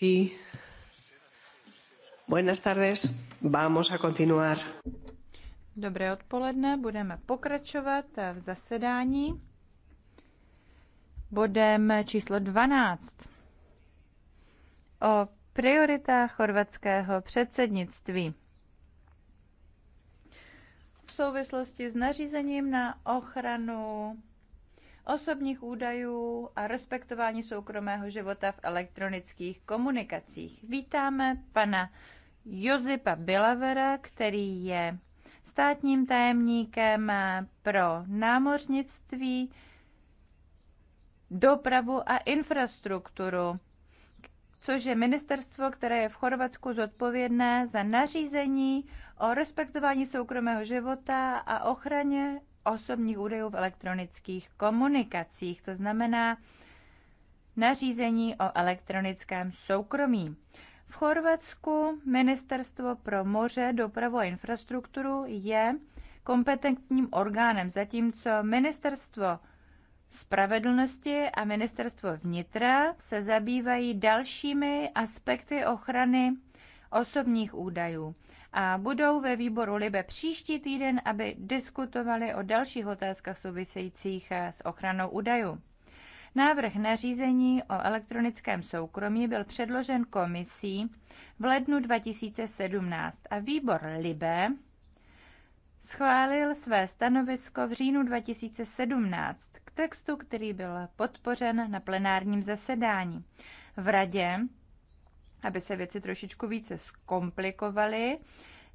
Sí. Buenas tardes. Vamos a continuar. Dobré odpoledne, budeme pokračovat v zasedání bodem číslo 12 o prioritách chorvatského předsednictví v souvislosti s nařízením na ochranu osobních údajů a respektování soukromého života v elektronických komunikacích. Vítáme pana Josipa Bilavera, který je státním tajemníkem pro námořnictví, dopravu a infrastrukturu, což je ministerstvo, které je v Chorvatsku zodpovědné za nařízení o respektování soukromého života a ochraně osobních údajů v elektronických komunikacích, to znamená nařízení o elektronickém soukromí. V Chorvatsku Ministerstvo pro moře, dopravu a infrastrukturu je kompetentním orgánem, zatímco Ministerstvo spravedlnosti a Ministerstvo vnitra se zabývají dalšími aspekty ochrany osobních údajů a budou ve výboru Libe příští týden, aby diskutovali o dalších otázkách souvisejících eh, s ochranou údajů. Návrh nařízení o elektronickém soukromí byl předložen komisí v lednu 2017 a výbor Libe schválil své stanovisko v říjnu 2017 k textu, který byl podpořen na plenárním zasedání. V radě aby se věci trošičku více zkomplikovaly,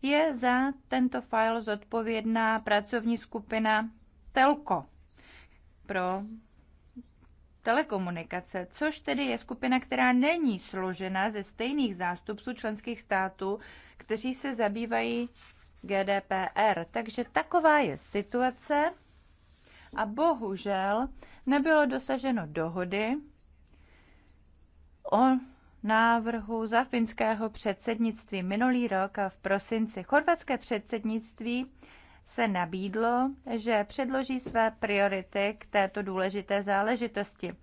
je za tento file zodpovědná pracovní skupina Telco pro telekomunikace, což tedy je skupina, která není složena ze stejných zástupců členských států, kteří se zabývají GDPR. Takže taková je situace a bohužel nebylo dosaženo dohody o návrhu za finského předsednictví minulý rok v prosinci. Chorvatské předsednictví se nabídlo, že předloží své priority k této důležité záležitosti.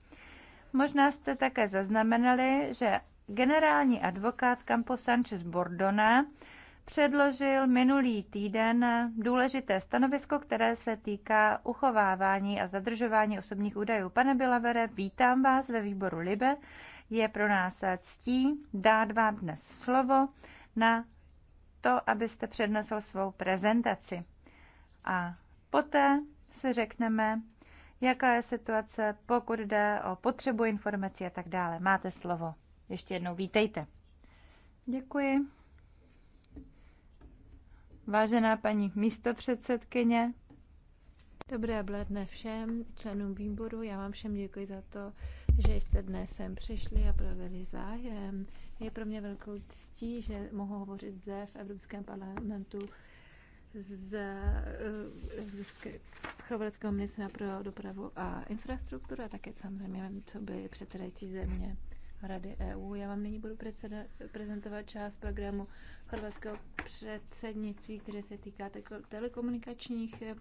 Možná jste také zaznamenali, že generální advokát Campo Sanchez Bordona předložil minulý týden důležité stanovisko, které se týká uchovávání a zadržování osobních údajů. Pane Bilavere, vítám vás ve výboru LIBE je pro nás ctí dát vám dnes slovo na to, abyste přednesl svou prezentaci. A poté si řekneme, jaká je situace, pokud jde o potřebu informací a tak dále. Máte slovo. Ještě jednou vítejte. Děkuji. Vážená paní místopředsedkyně. Dobré bledne všem členům výboru. Já vám všem děkuji za to, že jste dnes sem přišli a projevili zájem. Je pro mě velkou ctí, že mohu hovořit zde v Evropském parlamentu z eh, Chorvatského ministra pro dopravu a infrastrukturu a také samozřejmě co by předsedající země Rady EU. Já vám nyní budu prezentovat část programu chorvatského předsednictví, které se týká telekomunikačních eh,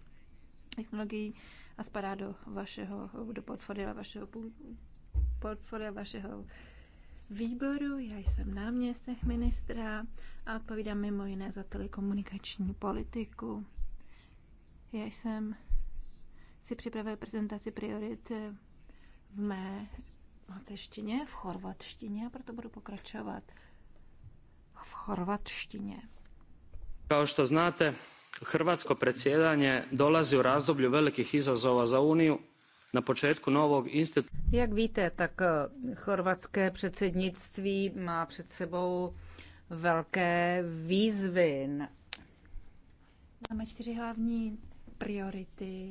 technologií a spadá do vašeho, do portfolia vašeho portfolia vašeho výboru. Já jsem náměstek ministra a odpovídám mimo jiné za telekomunikační politiku. Já jsem si připravil prezentaci priorit v mé mateřštině, v chorvatštině, a proto budu pokračovat v chorvatštině. Kao što znáte, Hrvatsko predsjedanje dolazi u razdoblju velikih izazova za Uniju, na počátku nového institutu. Jak víte, tak eh, chorvatské předsednictví má před sebou velké výzvy. Máme čtyři hlavní priority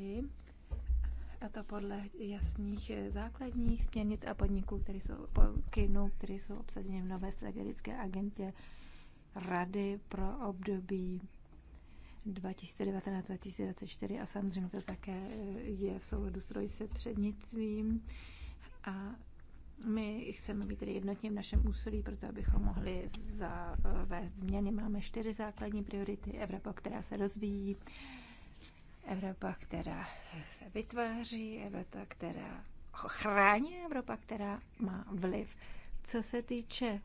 a to podle jasných eh, základních směrnic a podniků, které jsou pokynů, které jsou obsaženy v nové strategické agentě Rady pro období 2019-2024 a samozřejmě to také eh, je v souladu s přednictvím. A my chceme být tedy jednotně v našem úsilí, proto abychom mohli zavést změny. Máme čtyři základní priority. Evropa, která se rozvíjí, Evropa, která se vytváří, Evropa, která chrání, Evropa, která má vliv. Co se týče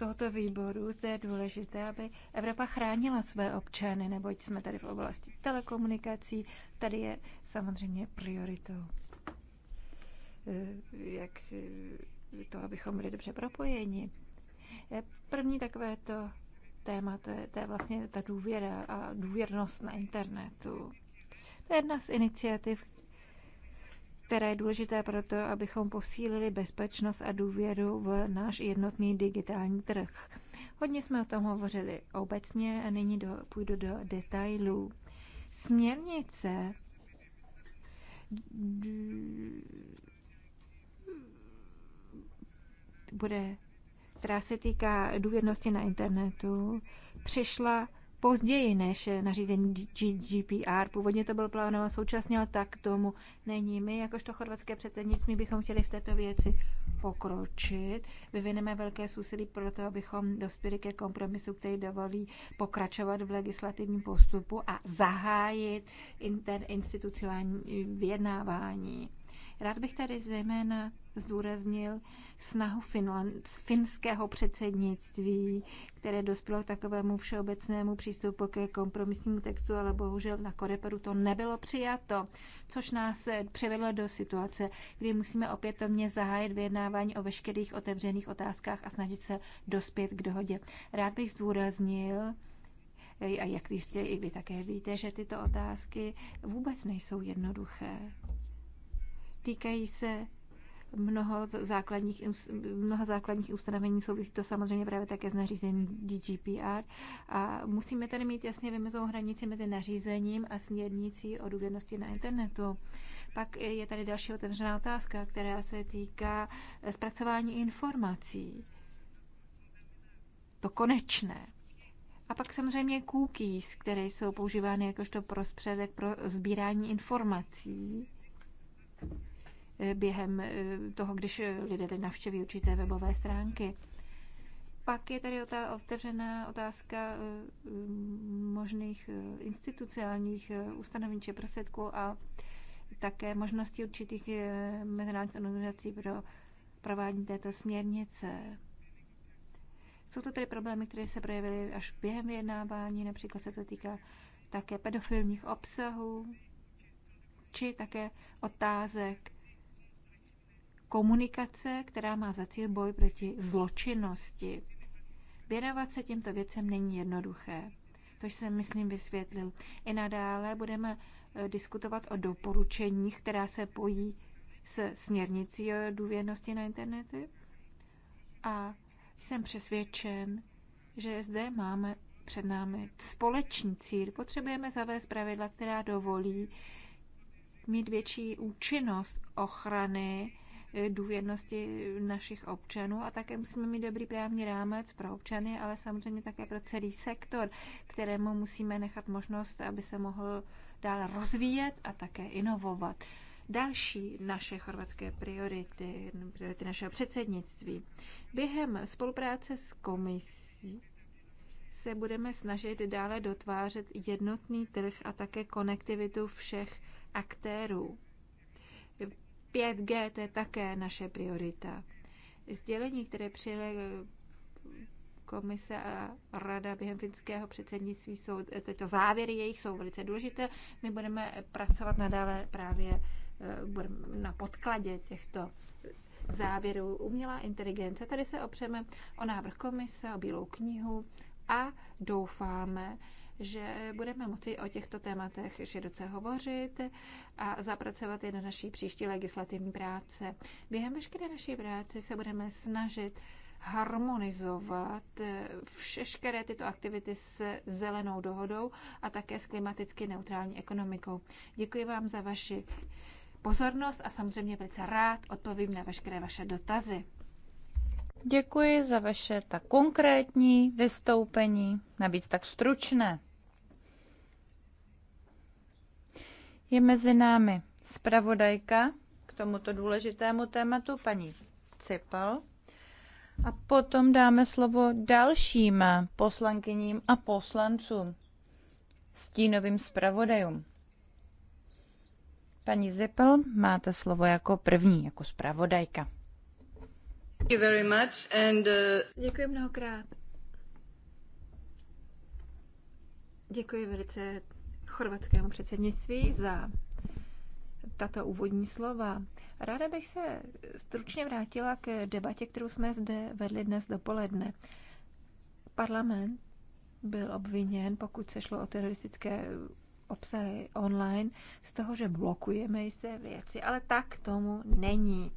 tohoto výboru zde je důležité, aby Evropa chránila své občany, neboť jsme tady v oblasti telekomunikací, tady je samozřejmě prioritou. Eh, jak si to, abychom byli dobře propojeni. První takové to téma, to je, to je vlastně ta důvěra a důvěrnost na internetu. To je jedna z iniciativ, které je důležité proto, abychom posílili bezpečnost a důvěru v náš jednotný digitální trh. Hodně jsme o tom hovořili obecně a nyní do, půjdu do detailů. Směrnice bude, která se týká důvěrnosti na internetu, přišla později než nařízení GDPR. Původně to bylo plánováno současně, ale tak tomu není. My, jakožto chorvatské předsednictví, bychom chtěli v této věci pokročit. Vyvineme velké úsilí pro to, abychom dospěli ke kompromisu, který dovolí pokračovat v legislativním postupu a zahájit interinstitucionální vyjednávání. Rád bych tady zejména zdůraznil snahu Finland, finského předsednictví, které dospělo k takovému všeobecnému přístupu ke kompromisnímu textu, ale bohužel na Koreperu to nebylo přijato, což nás eh, přivedlo do situace, kdy musíme opětovně zahájit vyjednávání o veškerých otevřených otázkách a snažit se dospět k dohodě. Rád bych zdůraznil, eh, a jak jistě i vy také víte, že tyto otázky vůbec nejsou jednoduché. Týkají se mnoho základních, mnoha základních ustanovení, souvisí to samozřejmě právě také s nařízením GDPR a musíme tady mít jasně vymezenou hranici mezi nařízením a směrnicí o důvěrnosti na internetu. Pak je tady další otevřená otázka, která se týká eh, zpracování informací. To konečné. A pak samozřejmě cookies, které jsou používány jakožto prostředek pro sbírání informací. E, během e, toho, když e, lidé teď navštěví určité webové stránky. Pak je tady ta otevřená otázka možných institucionálních ustanovení či prostředků a také možnosti určitých mezinárodních organizací pro provádění této směrnice. Jsou to tedy problémy, které se projevily až během vyjednávání, například se to týká také pedofilních obsahů, či také otázek komunikace, která má za cíl boj proti zločinnosti. Věnovat se těmto věcem není jednoduché. To jsem, myslím, vysvětlil. I nadále budeme eh, diskutovat o doporučeních, která se pojí s směrnicí o důvěrnosti na internetu. A jsem přesvědčen, že zde máme před námi společný cíl. Potřebujeme zavést pravidla, která dovolí mít větší účinnost ochrany E, důvěrnosti našich občanů a také musíme mít dobrý právní rámec pro občany, ale samozřejmě také pro celý sektor, kterému musíme nechat možnost, aby se mohl dál rozvíjet a také inovovat. Další naše chorvatské priority, priority našeho předsednictví. Během spolupráce s komisí se budeme snažit dále dotvářet jednotný trh a také konektivitu všech aktérů. 5G, to je také naše priorita. Sdělení, které přijeli eh, komise a rada během finského předsednictví, jsou, eh, tyto závěry jejich jsou velice důležité. My budeme pracovat nadále právě eh, na podkladě těchto závěrů. Umělá inteligence, tady se opřeme o návrh komise, o bílou knihu a doufáme, že budeme moci o těchto tématech široce hovořit a zapracovat je do naší příští legislativní práce. Během veškeré naší práce se budeme snažit harmonizovat všechny tyto aktivity s zelenou dohodou a také s klimaticky neutrální ekonomikou. Děkuji vám za vaši pozornost a samozřejmě velice rád odpovím na veškeré vaše dotazy. Děkuji za vaše tak konkrétní vystoupení, navíc tak stručné. Je mezi námi zpravodajka k tomuto důležitému tématu, paní Cipal. A potom dáme slovo dalším poslankyním a poslancům, stínovým zpravodajům. Paní Zippel, máte slovo jako první, jako zpravodajka. Uh, Děkuji mnohokrát. Děkuji velice chorvatskému předsednictví za tato úvodní slova. Ráda bych se stručně vrátila k debatě, kterou jsme zde vedli dnes dopoledne. Parlament byl obviněn, pokud se šlo o teroristické obsahy online, z toho, že blokujeme jisté věci, ale tak tomu není.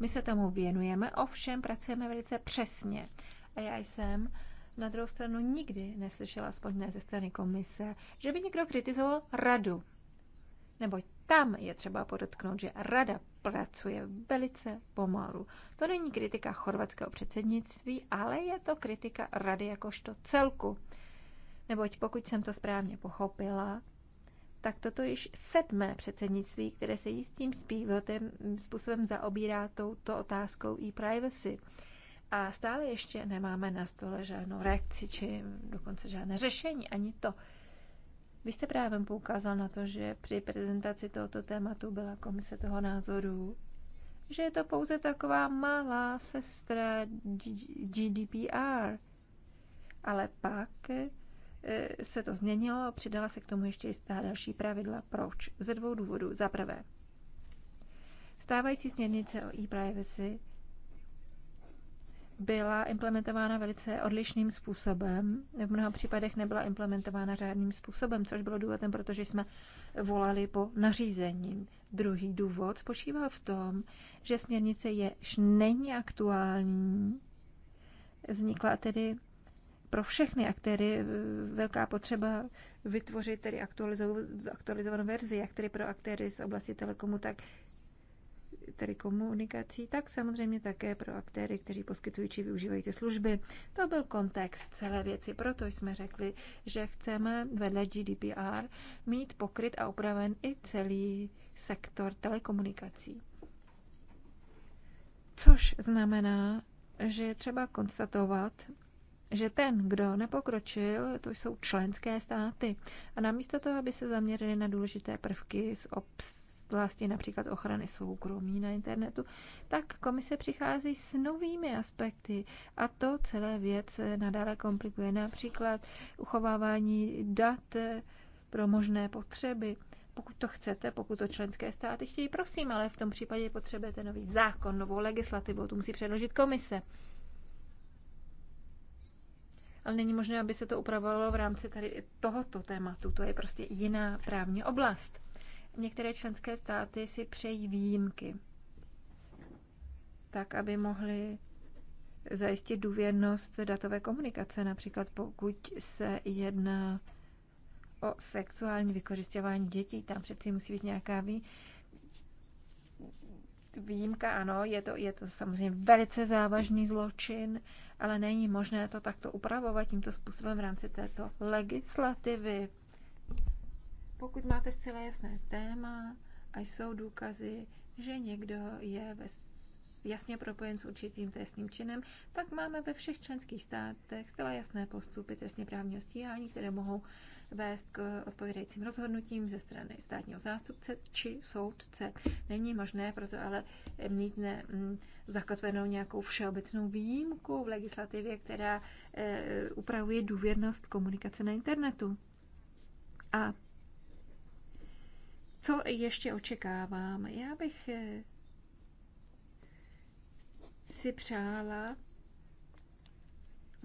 My se tomu věnujeme, ovšem pracujeme velice přesně. A já jsem uh, na druhou stranu nikdy neslyšela, aspoň ne ze strany komise, že by někdo kritizoval radu. Neboť tam je třeba podotknout, že rada pracuje velice pomalu. To není kritika chorvatského předsednictví, ale je to kritika rady jakožto celku. Neboť pokud jsem to správně pochopila, tak toto již sedmé předsednictví, které se jistým způsobem zaobírá touto otázkou e-privacy. A stále ještě nemáme na stole žádnou reakci, či dokonce žádné řešení, ani to. Vy jste právě poukázal na to, že při prezentaci tohoto tématu byla komise toho názoru, že je to pouze taková malá sestra GDPR. Ale pak eh, se to změnilo, a přidala se k tomu ještě jistá další pravidla. Proč? Ze dvou důvodů. Za prvé, stávající směrnice o e-privacy byla implementována velice odlišným způsobem. V mnoha případech nebyla implementována řádným způsobem, což bylo důvodem, protože jsme volali po nařízení. Druhý důvod spočíval v tom, že směrnice jež není aktuální, vznikla tedy pro všechny aktéry eh, velká potřeba vytvořit tedy aktualizovanou verzi, jak tedy pro aktéry z oblasti telekomu, tak tedy komunikací, tak samozřejmě také pro aktéry, kteří poskytují či využívají ty služby. To byl kontext celé věci, proto jsme řekli, že chceme vedle GDPR mít pokryt a upraven i celý sektor telekomunikací. Což znamená, že je třeba konstatovat, že ten, kdo nepokročil, to jsou členské státy. A namísto toho, aby se zaměřili na důležité prvky z obs oblasti například ochrany soukromí na internetu, tak komise přichází s novými aspekty a to celé věc nadále komplikuje. Například uchovávání dat pro možné potřeby. Pokud to chcete, pokud to členské státy chtějí, prosím, ale v tom případě potřebujete nový zákon, novou legislativu, tu musí předložit komise ale není možné, aby se to upravovalo v rámci tady tohoto tématu. To je prostě jiná právní oblast některé členské státy si přejí výjimky, tak aby mohly zajistit důvěrnost datové komunikace, například pokud se jedná o sexuální vykořišťování dětí, tam přeci musí být nějaká vý... výjimka, ano, je to, je to samozřejmě velice závažný zločin, ale není možné to takto upravovat tímto způsobem v rámci této legislativy. Pokud máte zcela jasné téma a jsou důkazy, že někdo je ve jasně propojen s určitým trestním činem, tak máme ve všech členských státech zcela jasné postupy trestně právního stíhání, které mohou vést k odpovědajícím rozhodnutím ze strany státního zástupce či soudce. Není možné proto ale mít ne, m, mm, zakotvenou nějakou všeobecnou výjimku v legislativě, která e, upravuje důvěrnost komunikace na internetu. A co ještě očekávám? Já bych eh, si přála,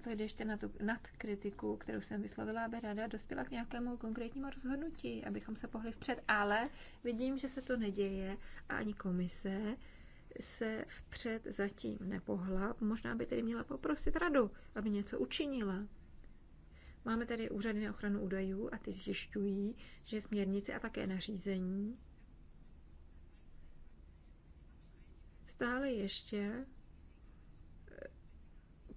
to jde ještě na tu nadkritiku, kterou jsem vyslovila, aby rada dospěla k nějakému konkrétnímu rozhodnutí, abychom se pohli vpřed, ale vidím, že se to neděje a ani komise se vpřed zatím nepohla. Možná by tedy měla poprosit radu, aby něco učinila. Máme tady úřady na ochranu údajů a ty zjišťují, že směrnice a také nařízení stále ještě eh,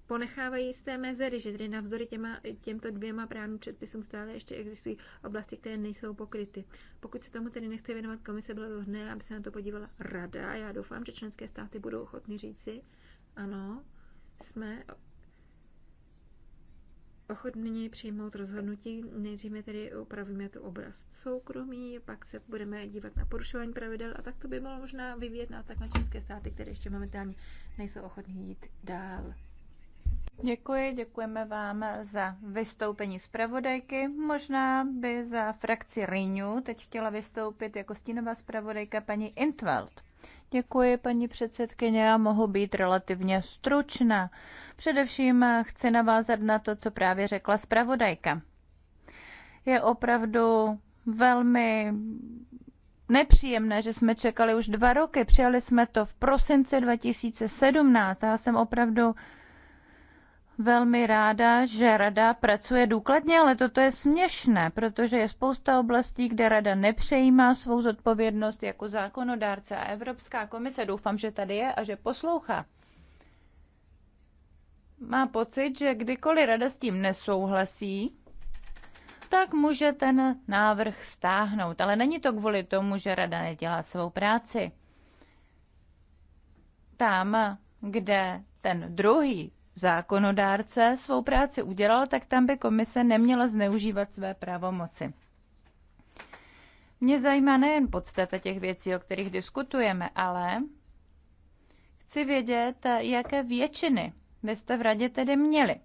ponechávají té mezery, že tedy navzdory těma, těmto dvěma právním předpisům stále ještě existují oblasti, které nejsou pokryty. Pokud se tomu tedy nechce věnovat komise, bylo by vhodné, aby se na to podívala rada. Já doufám, že členské státy budou ochotny říci, ano, jsme ochotní přijmout rozhodnutí. Nejdříve tedy upravíme tu obraz soukromí, pak se budeme dívat na porušování pravidel a tak to by bylo možná vyvíjet na tak na české státy, které ještě momentálně nejsou ochotní jít dál. Děkuji, děkujeme vám za vystoupení zpravodajky. Možná by za frakci Renew teď chtěla vystoupit jako stínová zpravodajka paní Intveld. Děkuji, paní předsedkyně, já mohu být relativně stručná. Především chci navázat na to, co právě řekla zpravodajka. Je opravdu velmi nepříjemné, že jsme čekali už dva roky. Přijali jsme to v prosinci 2017 a já jsem opravdu velmi ráda, že rada pracuje důkladně, ale toto je směšné, protože je spousta oblastí, kde rada nepřejímá svou zodpovědnost jako zákonodárce a Evropská komise doufám, že tady je a že poslouchá. Má pocit, že kdykoliv rada s tím nesouhlasí, tak může ten návrh stáhnout. Ale není to kvůli tomu, že rada nedělá svou práci. Tam, kde ten druhý zákonodárce svou práci udělal, tak tam by komise neměla zneužívat své pravomoci. Mě zajímá nejen podstata těch věcí, o kterých diskutujeme, ale chci vědět, jaké většiny byste v radě tedy měli.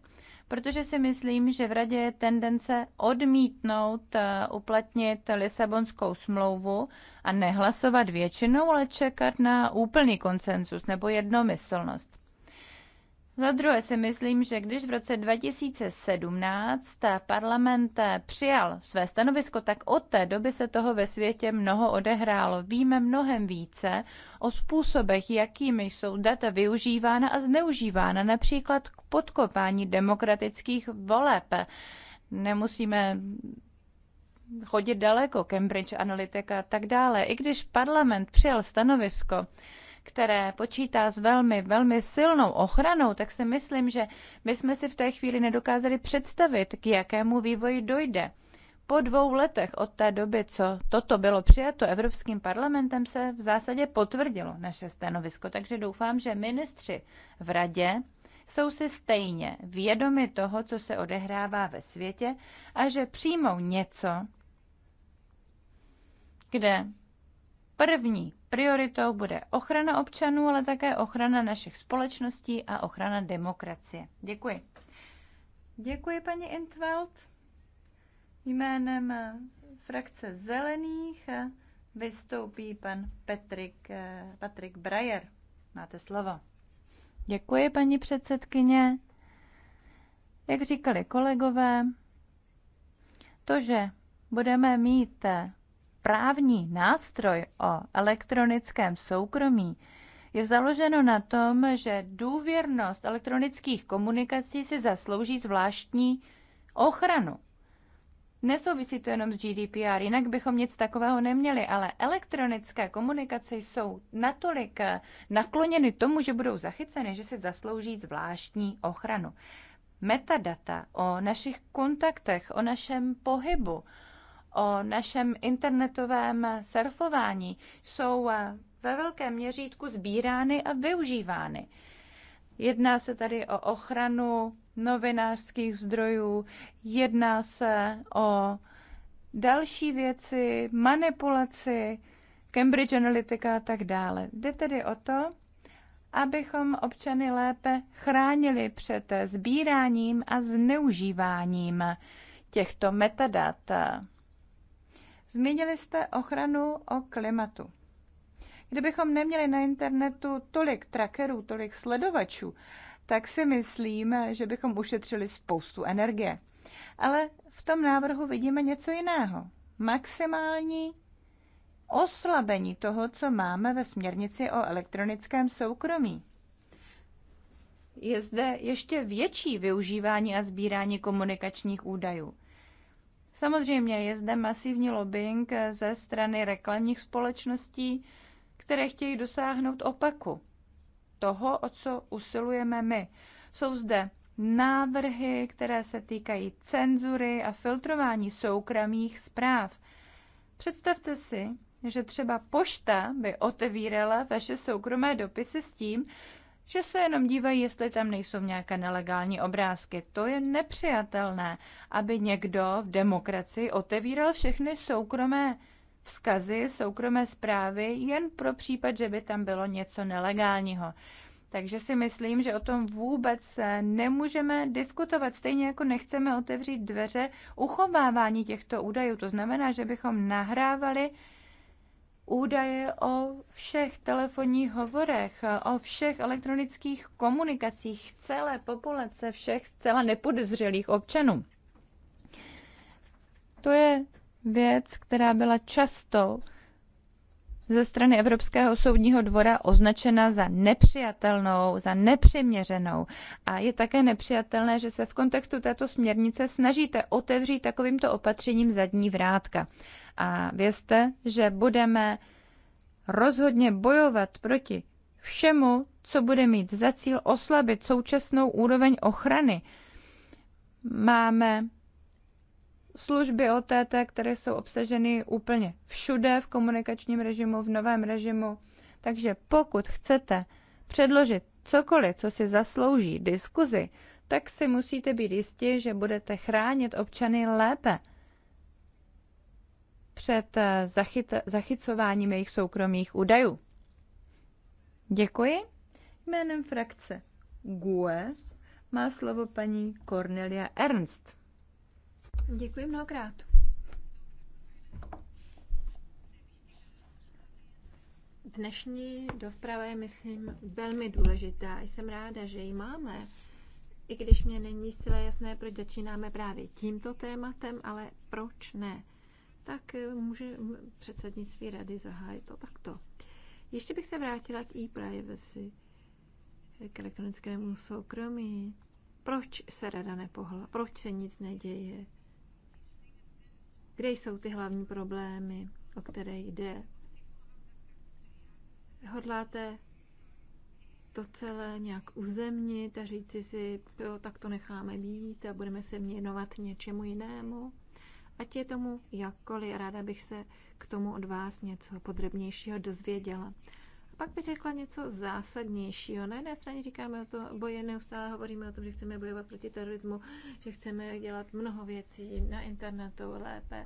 Protože si myslím, že v radě je tendence odmítnout eh, uplatnit Lisabonskou smlouvu a nehlasovat většinou, ale čekat na úplný konsenzus nebo jednomyslnost. Za druhé si myslím, že když v roce 2017 parlament přijal své stanovisko, tak od té doby se toho ve světě mnoho odehrálo. Víme mnohem více o způsobech, jakými jsou data využívána a zneužívána, například k podkopání demokratických voleb. Nemusíme chodit daleko, Cambridge Analytica a tak dále. I když parlament přijal stanovisko, které počítá s velmi, velmi silnou ochranou, tak si myslím, že my jsme si v té chvíli nedokázali představit, k jakému vývoji dojde. Po dvou letech od té doby, co toto bylo přijato Evropským parlamentem, se v zásadě potvrdilo naše stanovisko, takže doufám, že ministři v radě jsou si stejně vědomi toho, co se odehrává ve světě a že přijmou něco, kde První prioritou bude ochrana občanů, ale také ochrana našich společností a ochrana demokracie. Děkuji. Děkuji, paní Intveld. Jménem eh, frakce Zelených eh, vystoupí pan Petrik, eh, Patrik Brajer. Máte slovo. Děkuji, paní předsedkyně. Jak říkali kolegové, to, že budeme mít právní nástroj o elektronickém soukromí je založeno na tom, že důvěrnost elektronických komunikací si zaslouží zvláštní ochranu. Nesouvisí to jenom s GDPR, jinak bychom nic takového neměli, ale elektronické komunikace jsou natolik eh, nakloněny tomu, že budou zachyceny, že si zaslouží zvláštní ochranu. Metadata o našich kontaktech, o našem pohybu, o našem internetovém surfování jsou eh, ve velkém měřítku sbírány a využívány. Jedná se tady o ochranu novinářských zdrojů, jedná se o další věci, manipulaci, Cambridge Analytica a tak dále. Jde tedy o to, abychom občany lépe chránili před sbíráním a zneužíváním těchto metadat. Zmínili jste ochranu o klimatu. Kdybychom neměli na internetu tolik trackerů, tolik sledovačů, tak si myslím, že bychom ušetřili spoustu energie. Ale v tom návrhu vidíme něco jiného. Maximální oslabení toho, co máme ve směrnici o elektronickém soukromí. Je zde ještě větší využívání a sbírání komunikačních údajů. Samozřejmě je zde masivní lobbying ze strany reklamních společností, které chtějí dosáhnout opaku toho, o co usilujeme my. Jsou zde návrhy, které se týkají cenzury a filtrování soukromých zpráv. Představte si, že třeba pošta by otevírala vaše soukromé dopisy s tím, že se jenom dívají, jestli tam nejsou nějaké nelegální obrázky. To je nepřijatelné, aby někdo v demokracii otevíral všechny soukromé vzkazy, soukromé zprávy jen pro případ, že by tam bylo něco nelegálního. Takže si myslím, že o tom vůbec nemůžeme diskutovat, stejně jako nechceme otevřít dveře uchovávání těchto údajů. To znamená, že bychom nahrávali údaje o všech telefonních hovorech, o všech elektronických komunikacích celé populace, všech celá nepodezřelých občanů. To je věc, která byla často ze strany Evropského soudního dvora označena za nepřijatelnou, za nepřiměřenou. A je také nepřijatelné, že se v kontextu této směrnice snažíte otevřít takovýmto opatřením zadní vrátka. A vězte, že budeme rozhodně bojovat proti všemu, co bude mít za cíl oslabit současnou úroveň ochrany. Máme služby OTT, které jsou obsaženy úplně všude v komunikačním režimu, v novém režimu. Takže pokud chcete předložit cokoliv, co si zaslouží diskuzi, tak si musíte být jistí, že budete chránit občany lépe před eh, zachyt, zachycováním jejich soukromých údajů. Děkuji. Jménem frakce GUE má slovo paní Cornelia Ernst. Děkuji mnohokrát. Dnešní rozprava je, myslím, velmi důležitá. Jsem ráda, že ji máme, i když mě není zcela jasné, proč začínáme právě tímto tématem, ale proč ne? tak eh, může předsednictví rady zahájit to takto. Ještě bych se vrátila k e-privacy, eh, k elektronickému soukromí. Proč se rada nepohla? Proč se nic neděje? Kde jsou ty hlavní problémy, o které jde? Hodláte to celé nějak uzemnit a říci si, jo, tak to necháme být a budeme se věnovat něčemu jinému? Ať je tomu jakkoliv, ráda bych se k tomu od vás něco podrobnějšího dozvěděla. A pak bych řekla něco zásadnějšího. Na jedné straně říkáme o to boje, neustále hovoříme o tom, že chceme bojovat proti terorismu, že chceme dělat mnoho věcí na internetu lépe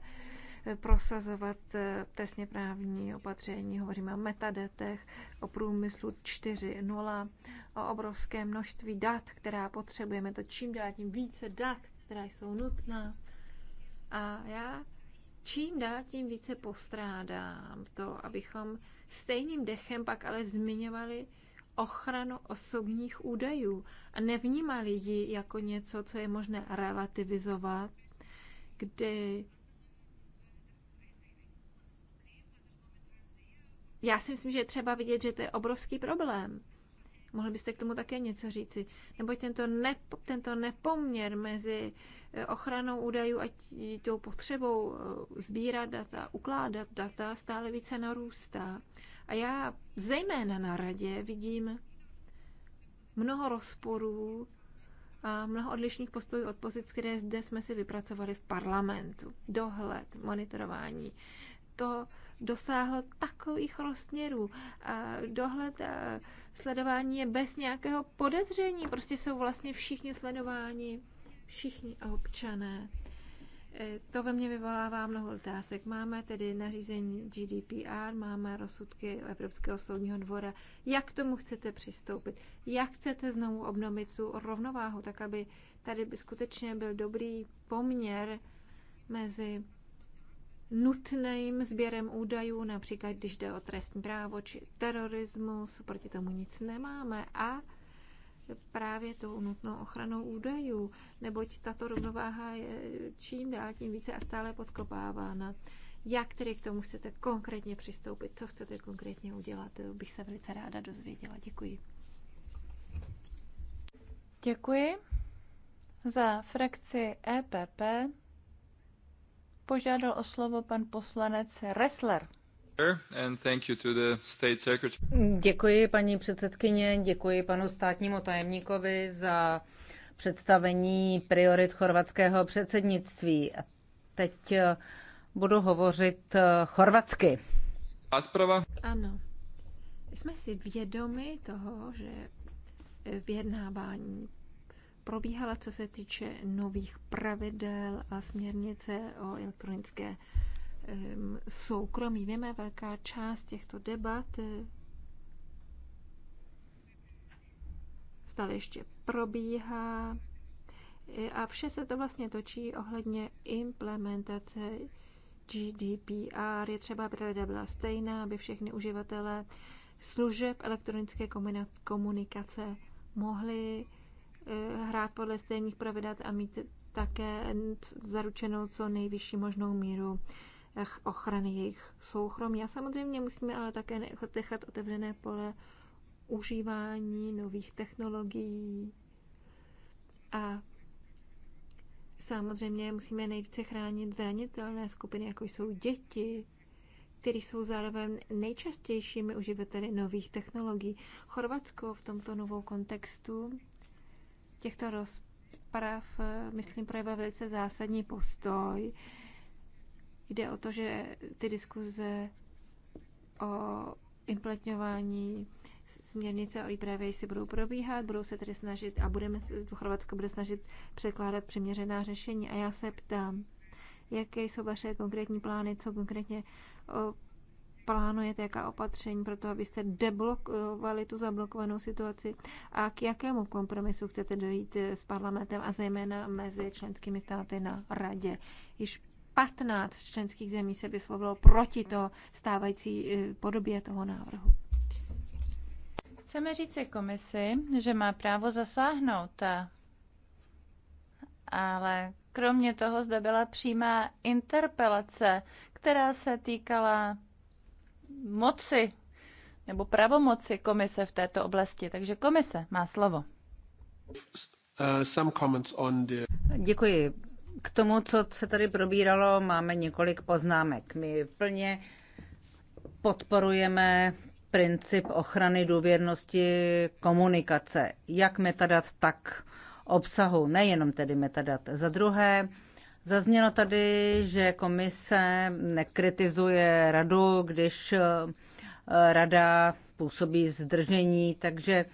prosazovat eh, trestně právní opatření. Hovoříme o metadetech, o průmyslu 4.0, o obrovské množství dat, která potřebujeme, to čím dál tím více dat, která jsou nutná. A já čím dál tím více postrádám to, abychom stejným dechem pak ale zmiňovali ochranu osobních údajů a nevnímali ji jako něco, co je možné relativizovat, kdy já si myslím, že je třeba vidět, že to je obrovský problém. Mohli byste k tomu také něco říci? Nebo tento, ne, tento nepoměr mezi eh, ochranou údajů a tou potřebou eh, sbírat data, ukládat data stále více narůstá. A já zejména na radě vidím mnoho rozporů a mnoho odlišných postojů od pozic, které zde jsme si vypracovali v parlamentu. Dohled, monitorování. To dosáhl takových rozměrů. A dohled a sledování je bez nějakého podezření. Prostě jsou vlastně všichni sledováni, všichni občané. E, to ve mně vyvolává mnoho otázek. Máme tedy nařízení GDPR, máme rozsudky Evropského soudního dvora. Jak k tomu chcete přistoupit? Jak chcete znovu obnovit tu rovnováhu, tak aby tady by skutečně byl dobrý poměr mezi nutným sběrem údajů, například když jde o trestní právo či terorismus, proti tomu nic nemáme a právě tou nutnou ochranou údajů, neboť tato rovnováha je čím dál tím více a stále podkopávána. Jak tedy k tomu chcete konkrétně přistoupit? Co chcete konkrétně udělat? Bych se velice ráda dozvěděla. Děkuji. Děkuji. Za frakci EPP požádal o slovo pan poslanec Ressler. Děkuji paní předsedkyně, děkuji panu státnímu tajemníkovi za představení priorit chorvatského předsednictví. A teď eh, budu hovořit eh, chorvatsky. Asprava. Ano. Jsme si vědomi toho, že eh, vyjednávání probíhala, co se týče nových pravidel a směrnice o elektronické soukromí. Víme, velká část těchto debat eh, stále ještě probíhá eh, a vše se to vlastně točí ohledně implementace GDPR. Je třeba, aby pravidla byla stejná, aby všechny uživatelé služeb elektronické komunikace mohli Eh, hrát podle stejných pravidel a mít také zaručenou co nejvyšší možnou míru eh, ochrany jejich soukromí. A samozřejmě musíme ale také nechat otevřené pole užívání nových technologií a samozřejmě musíme nejvíce chránit zranitelné skupiny, jako jsou děti, které jsou zároveň nejčastějšími uživateli nových technologií. Chorvatsko v tomto novou kontextu těchto rozprav, eh, myslím, projevil velice zásadní postoj. Jde o to, že ty diskuze o impletňování směrnice o e si budou probíhat, budou se tedy snažit a budeme, se Chorvatsko bude snažit překládat přiměřená řešení. A já se ptám, jaké jsou vaše konkrétní plány, co konkrétně plánujete, jaká opatření pro to, abyste deblokovali tu zablokovanou situaci a k jakému kompromisu chcete dojít s parlamentem a zejména mezi členskými státy na radě. Již 15 členských zemí se vyslovilo proti to stávající eh, podobě toho návrhu. Chceme říci komisi, že má právo zasáhnout, ale kromě toho zde byla přímá interpelace, která se týkala moci nebo pravomoci komise v této oblasti. Takže komise má slovo. Uh, Děkuji. K tomu, co se tady probíralo, máme několik poznámek. My plně podporujeme princip ochrany důvěrnosti komunikace, jak metadat, tak obsahu, nejenom tedy metadat. Za druhé, Zaznělo tady, že komise nekritizuje radu, když eh, rada působí zdržení, takže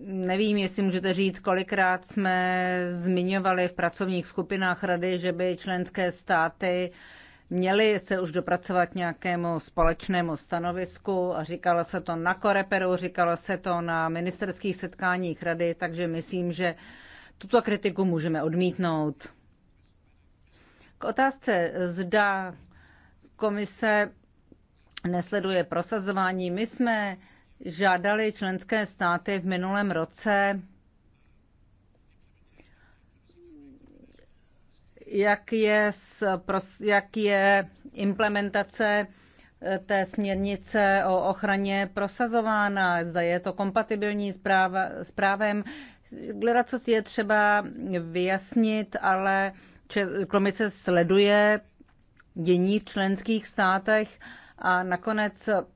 nevím, jestli můžete říct, kolikrát jsme zmiňovali v pracovních skupinách rady, že by členské státy měly se už dopracovat nějakému společnému stanovisku. Říkalo se to na Koreperu, říkalo se to na ministerských setkáních rady, takže myslím, že tuto kritiku můžeme odmítnout. K otázce, zda komise nesleduje prosazování, my jsme žádali členské státy v minulém roce, jak je, jak je implementace eh, té směrnice o ochraně prosazována, zda je to kompatibilní s, práva, s právem. Hledat, co si je třeba vyjasnit, ale komise sleduje dění v členských státech a nakonec eh,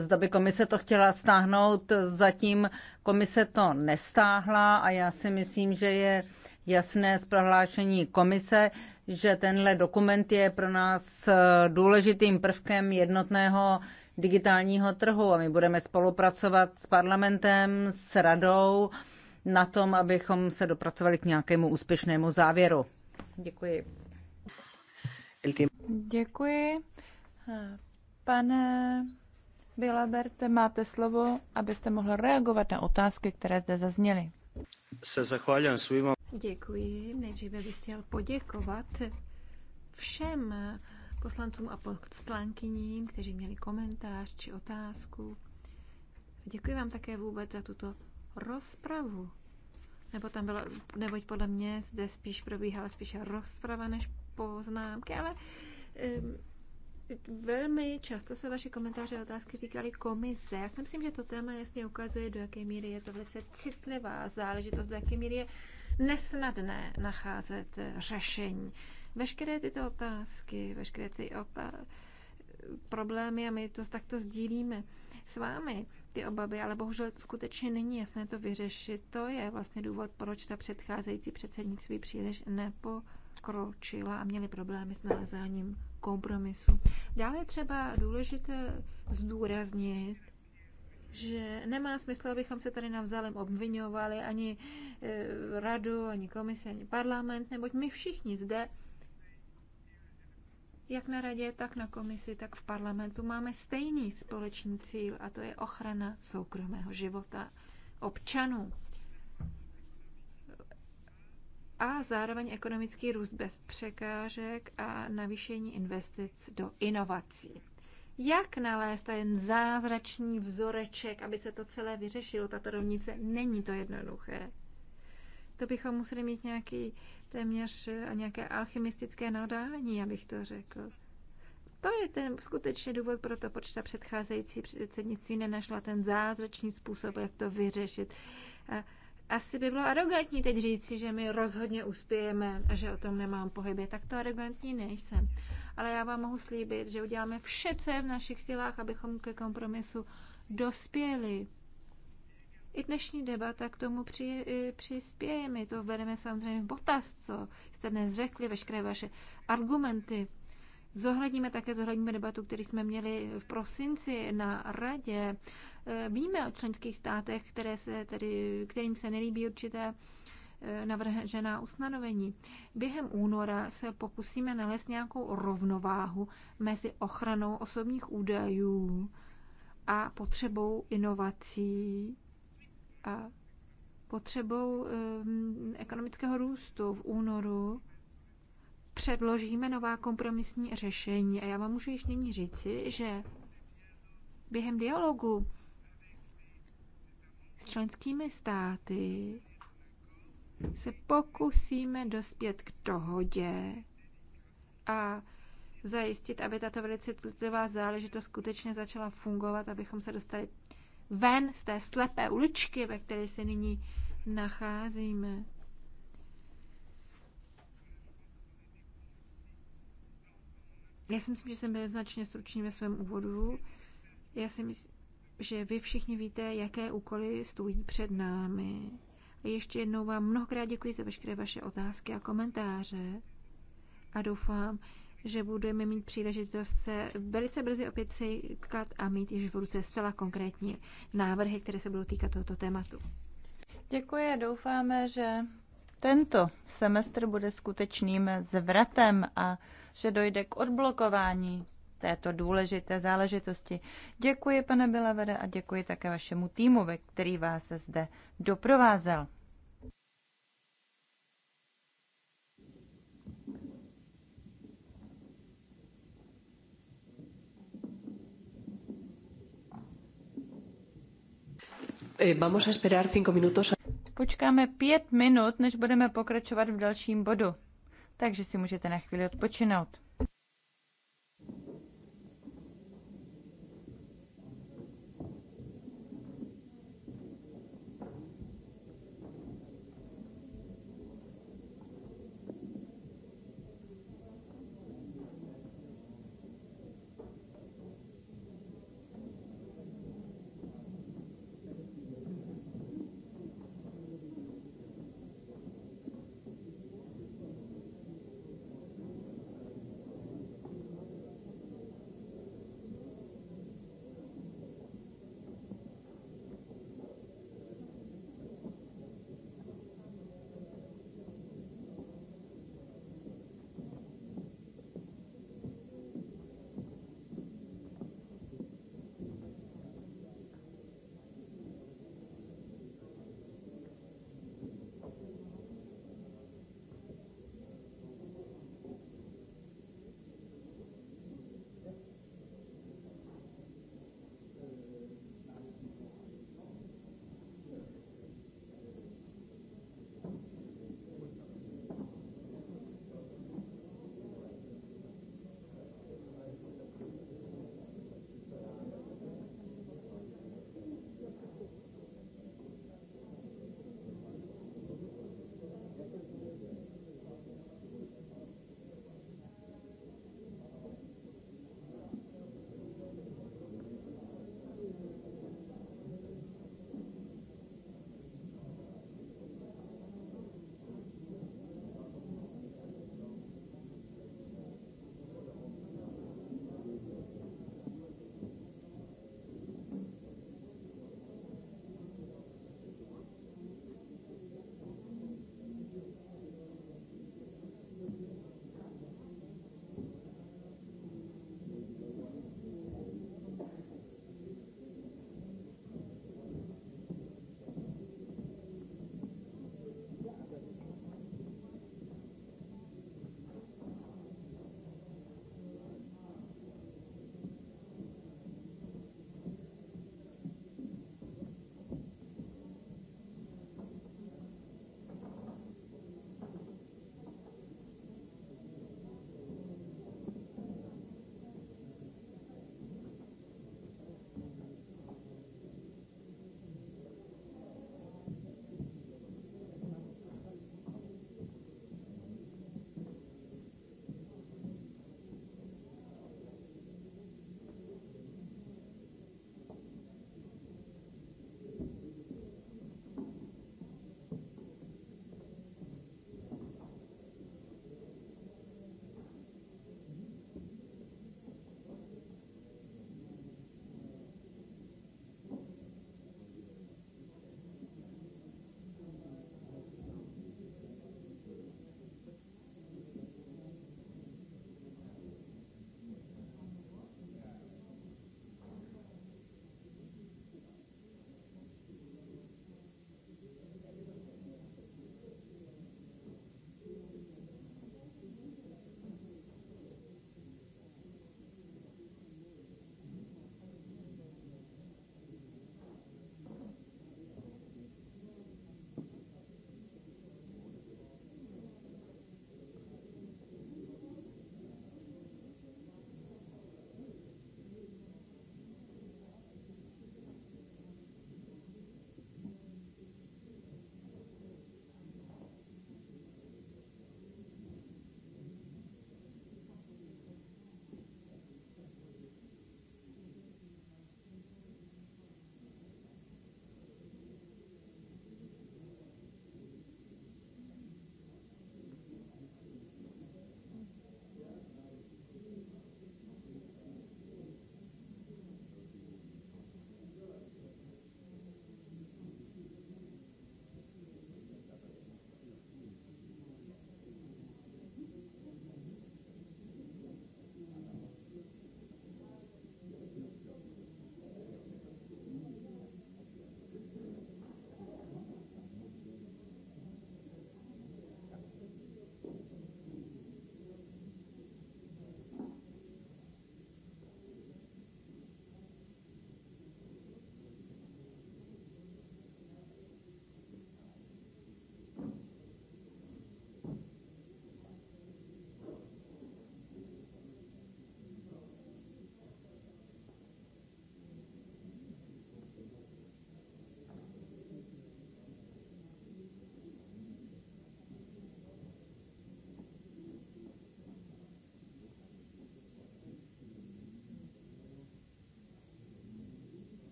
zda by komise to chtěla stáhnout, zatím komise to nestáhla a já si myslím, že je jasné z prohlášení komise, že tenhle dokument je pro nás eh, důležitým prvkem jednotného digitálního trhu a my budeme spolupracovat s parlamentem, s radou na tom, abychom se dopracovali k nějakému úspěšnému závěru. Děkuji. Děkuji. Pane Bilaberte, máte slovo, abyste mohl reagovat na otázky, které zde zazněly. Se zachválím svým. Děkuji. Nejdříve bych chtěl poděkovat všem poslancům a poslankyním, kteří měli komentář či otázku. děkuji vám také vůbec za tuto rozpravu. Nebo tam bylo, neboť podle mě zde spíš probíhala spíše rozprava než poznámky, ale um, Velmi často se vaše komentáře a otázky týkaly komise. Já si myslím, že to téma jasně ukazuje, do jaké míry je to velice citlivá záležitost, do jaké míry je nesnadné nacházet řešení. Veškeré tyto otázky, veškeré ty otázky, problémy a my to takto sdílíme s vámi, ty obavy, ale bohužel skutečně není jasné to vyřešit. To je vlastně důvod, proč ta předcházející předsednictví příliš nepokročila a měli problémy s nalezáním kompromisu. Dále je třeba důležité zdůraznit, že nemá smysl, abychom se tady navzájem obvinovali ani eh, radu, ani komisi, ani parlament, neboť my všichni zde jak na radě, tak na komisi, tak v parlamentu máme stejný společný cíl a to je ochrana soukromého života občanů. A zároveň ekonomický růst bez překážek a navýšení investic do inovací. Jak nalézt ten zázračný vzoreček, aby se to celé vyřešilo? Tato rovnice není to jednoduché. To bychom museli mít nějaký téměř eh, a nějaké alchymistické nadání, abych to řekl. To je ten skutečně důvod pro to, proč ta předcházející předsednictví nenašla ten zázračný způsob, jak to vyřešit. Asi by bylo arrogantní teď říci, že my rozhodně uspějeme a že o tom nemám pohyby. Tak to arrogantní nejsem. Ale já vám mohu slíbit, že uděláme vše, co je v našich silách, abychom ke kompromisu dospěli. I dnešní debata k tomu při, přispěje. My to bereme samozřejmě v potaz, co jste dnes řekli, veškeré vaše argumenty. Zohledníme také zohledníme debatu, který jsme měli v prosinci na radě. Eh, víme o členských státech, které se tedy, kterým se nelíbí určité eh, navržená ustanovení. Během února se pokusíme nalézt nějakou rovnováhu mezi ochranou osobních údajů a potřebou inovací a potřebou ehm, ekonomického růstu v únoru předložíme nová kompromisní řešení. A já vám můžu již nyní říci, že během dialogu s členskými státy se pokusíme dospět k dohodě a zajistit, aby tato velice citlivá záležitost skutečně začala fungovat, abychom se dostali ven z té slepé uličky, ve které se nyní nacházíme. Já si myslím, že jsem byl značně stručný ve svém úvodu. Já si myslím, že vy všichni víte, jaké úkoly stojí před námi. A ještě jednou vám mnohokrát děkuji za veškeré vaše otázky a komentáře. A doufám, že budeme mít příležitost se velice brzy opět setkat a mít již v ruce zcela konkrétní návrhy, které se budou týkat tohoto tématu. Děkuji a doufáme, že tento semestr bude skutečným zvratem a že dojde k odblokování této důležité záležitosti. Děkuji, pane Bilavere, a děkuji také vašemu týmu, který vás zde doprovázel. Eh, vamos a esperar cinco minutos. Počkáme pět minut, než budeme pokračovat v dalším bodu. Takže si můžete na chvíli odpočinout.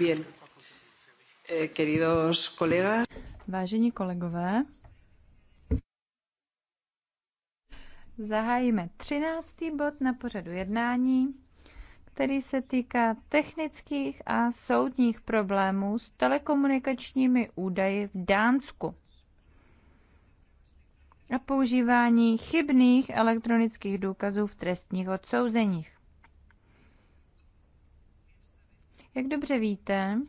Eh, Vážení kolegové, zahájíme třináctý bod na pořadu jednání, který se týká technických a soudních problémů s telekomunikačními údaji v Dánsku a používání chybných elektronických důkazů v trestních odsouzeních. Jak dobře víte,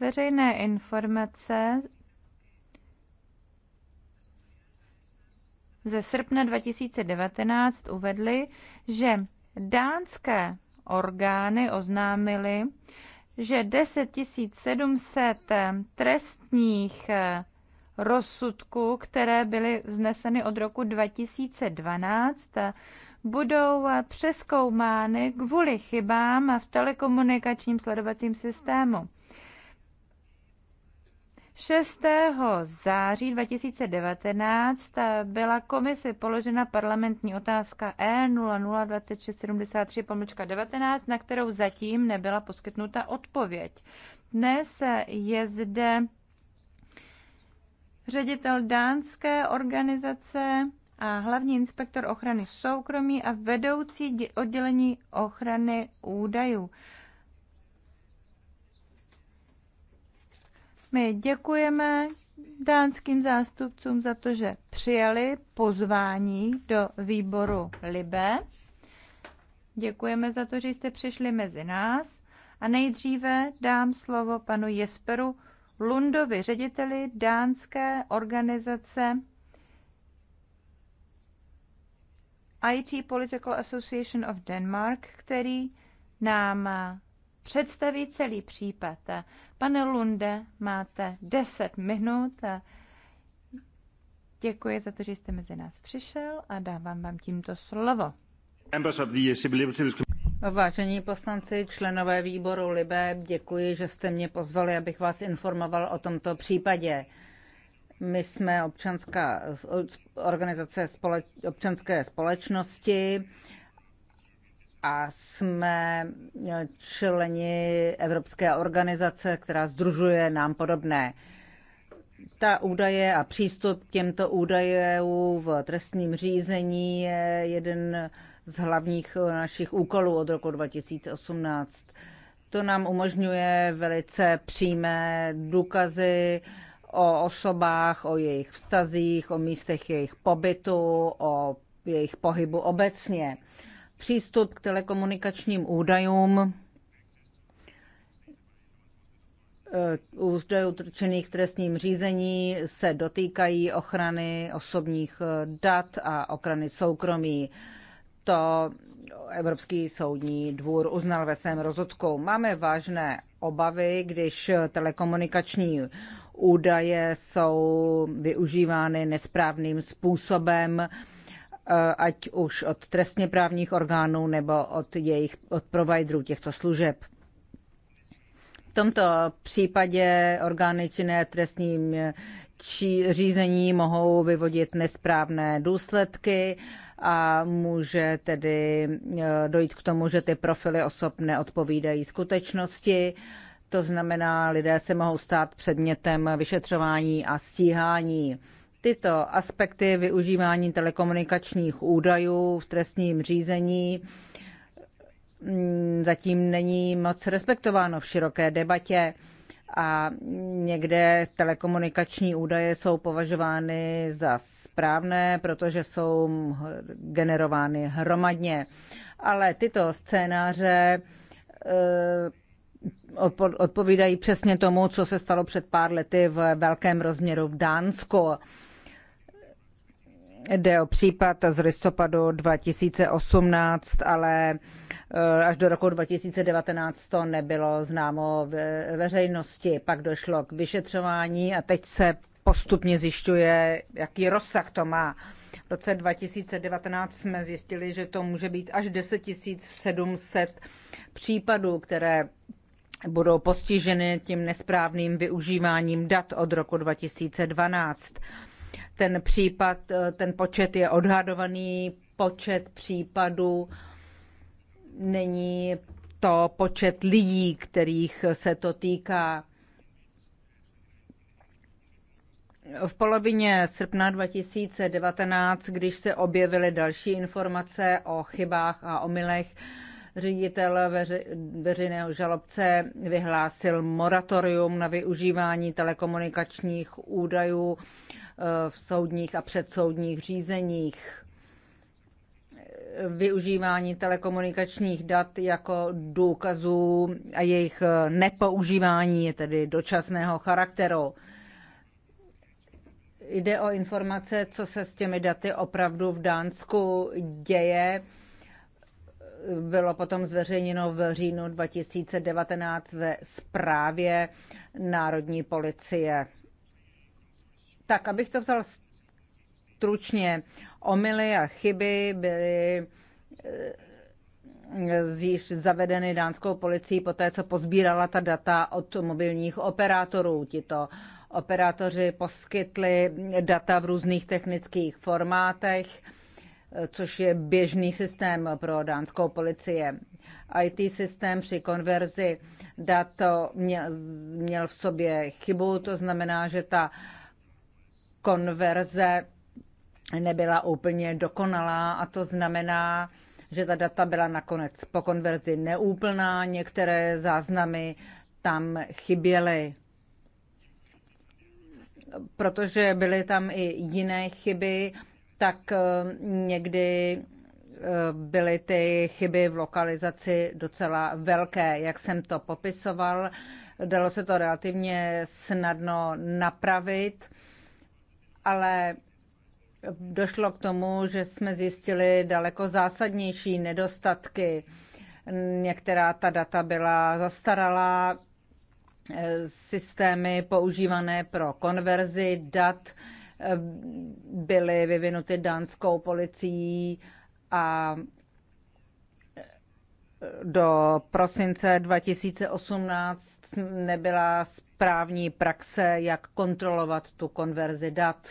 veřejné informace ze srpna 2019 uvedly, že dánské orgány oznámily, že 10 700 trestních rozsudků, které byly vzneseny od roku 2012, budou eh, přeskoumány kvůli chybám v telekomunikačním sledovacím systému. 6. září 2019 eh, byla komisi položena parlamentní otázka E002673-19, na kterou zatím nebyla poskytnuta odpověď. Dnes eh, je zde ředitel dánské organizace a hlavní inspektor ochrany soukromí a vedoucí oddělení ochrany údajů. My děkujeme dánským zástupcům za to, že přijali pozvání do výboru Libe. Děkujeme za to, že jste přišli mezi nás. A nejdříve dám slovo panu Jesperu Lundovi, řediteli dánské organizace IT Political Association of Denmark, který nám představí celý případ. Pane Lunde, máte 10 minut. Děkuji za to, že jste mezi nás přišel a dávám vám tímto slovo. Vážení poslanci, členové výboru Libe, děkuji, že jste mě pozvali, abych vás informoval o tomto případě. My jsme občanská organizace společ, občanské společnosti a jsme členi Evropské organizace, která združuje nám podobné ta údaje a přístup k těmto údajům v trestním řízení je jeden z hlavních našich úkolů od roku 2018. To nám umožňuje velice přímé důkazy, o osobách, o jejich vztazích, o místech jejich pobytu, o jejich pohybu obecně. Přístup k telekomunikačním údajům eh, údajů trčených trestním řízení se dotýkají ochrany osobních eh, dat a ochrany soukromí. To Evropský soudní dvůr uznal ve svém rozhodku. Máme vážné obavy, když telekomunikační údaje jsou využívány nesprávným způsobem, eh, ať už od trestně právních orgánů nebo od jejich od providerů těchto služeb. V tomto případě orgány činné trestním eh, či řízení mohou vyvodit nesprávné důsledky a může tedy eh, dojít k tomu, že ty profily osob neodpovídají skutečnosti. To znamená, lidé se mohou stát předmětem vyšetřování a stíhání. Tyto aspekty využívání telekomunikačních údajů v trestním řízení mm, zatím není moc respektováno v široké debatě a někde telekomunikační údaje jsou považovány za správné, protože jsou generovány hromadně. Ale tyto scénáře eh, odpovídají přesně tomu, co se stalo před pár lety v velkém rozměru v Dánsku. Jde o případ z listopadu 2018, ale eh, až do roku 2019 to nebylo známo veřejnosti. Pak došlo k vyšetřování a teď se postupně zjišťuje, jaký rozsah to má. V roce 2019 jsme zjistili, že to může být až 10 700 případů, které budou postiženy tím nesprávným využíváním dat od roku 2012. Ten případ, ten počet je odhadovaný, počet případů není to počet lidí, kterých se to týká. V polovině srpna 2019, když se objevily další informace o chybách a omylech, ředitel veři, veřejného žalobce vyhlásil moratorium na využívání telekomunikačních údajů eh, v soudních a předsoudních řízeních. Využívání telekomunikačních dat jako důkazů a jejich eh, nepoužívání je tedy dočasného charakteru. Jde o informace, co se s těmi daty opravdu v Dánsku děje bylo potom zveřejněno v říjnu 2019 ve zprávě Národní policie. Tak, abych to vzal stručně, omily a chyby byly eh, zavedeny dánskou policií té, co pozbírala ta data od mobilních operátorů. Tito operátoři poskytli data v různých technických formátech což je běžný systém pro dánskou policie. IT systém při konverzi dat měl, měl v sobě chybu, to znamená, že ta konverze nebyla úplně dokonalá a to znamená, že ta data byla nakonec po konverzi neúplná, některé záznamy tam chyběly. Protože byly tam i jiné chyby, tak eh, někdy eh, byly ty chyby v lokalizaci docela velké, jak jsem to popisoval. Dalo se to relativně snadno napravit, ale došlo k tomu, že jsme zjistili daleko zásadnější nedostatky. Některá ta data byla zastaralá, eh, systémy používané pro konverzi dat byly vyvinuty dánskou policií a do prosince 2018 nebyla správní praxe, jak kontrolovat tu konverzi dat.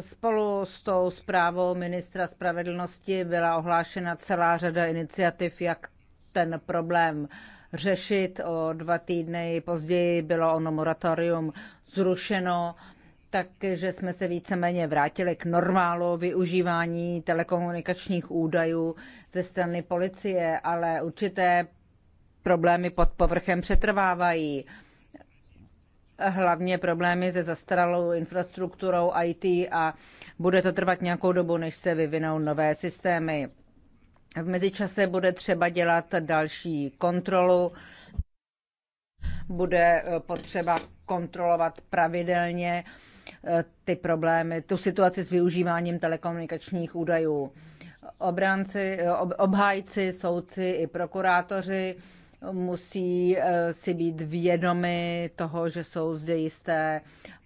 Spolu s tou zprávou ministra spravedlnosti byla ohlášena celá řada iniciativ, jak ten problém řešit. O dva týdny později bylo ono moratorium zrušeno takže jsme se víceméně vrátili k normálu využívání telekomunikačních údajů ze strany policie, ale určité problémy pod povrchem přetrvávají. Hlavně problémy se zastaralou infrastrukturou IT a bude to trvat nějakou dobu, než se vyvinou nové systémy. V mezičase bude třeba dělat další kontrolu, bude potřeba kontrolovat pravidelně ty problémy, tu situaci s využíváním telekomunikačních údajů. Obránci, ob, obhájci, soudci i prokurátoři musí eh, si být vědomi toho, že jsou zde jisté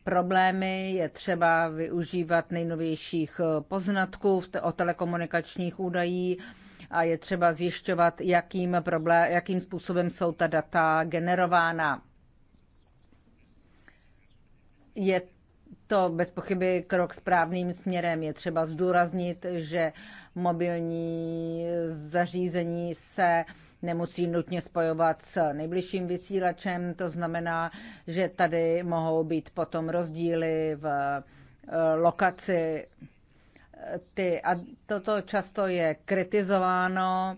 problémy. Je třeba využívat nejnovějších eh, poznatků o telekomunikačních údajích a je třeba zjišťovat, jakým, problém, jakým způsobem jsou ta data generována. Je to bez pochyby krok správným směrem. Je třeba zdůraznit, že mobilní zařízení se nemusí nutně spojovat s nejbližším vysílačem. To znamená, že tady mohou být potom rozdíly v eh, lokaci. Ty, a toto často je kritizováno,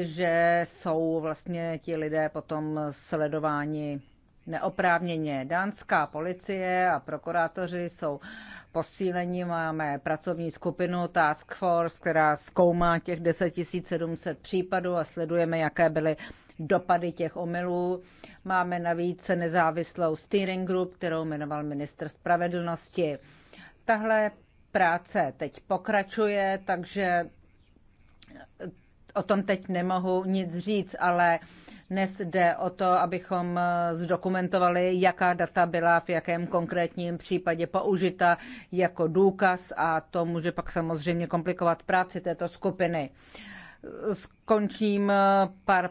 že jsou vlastně ti lidé potom sledováni neoprávněně. Dánská policie a prokurátoři jsou posílení. Máme pracovní skupinu Task Force, která zkoumá těch 10 700 případů a sledujeme, jaké byly dopady těch omylů. Máme navíc nezávislou steering group, kterou jmenoval ministr spravedlnosti. Tahle práce teď pokračuje, takže o tom teď nemohu nic říct, ale dnes jde o to, abychom eh, zdokumentovali, jaká data byla v jakém konkrétním případě použita jako důkaz a to může pak samozřejmě komplikovat práci této skupiny. Skončím eh, pár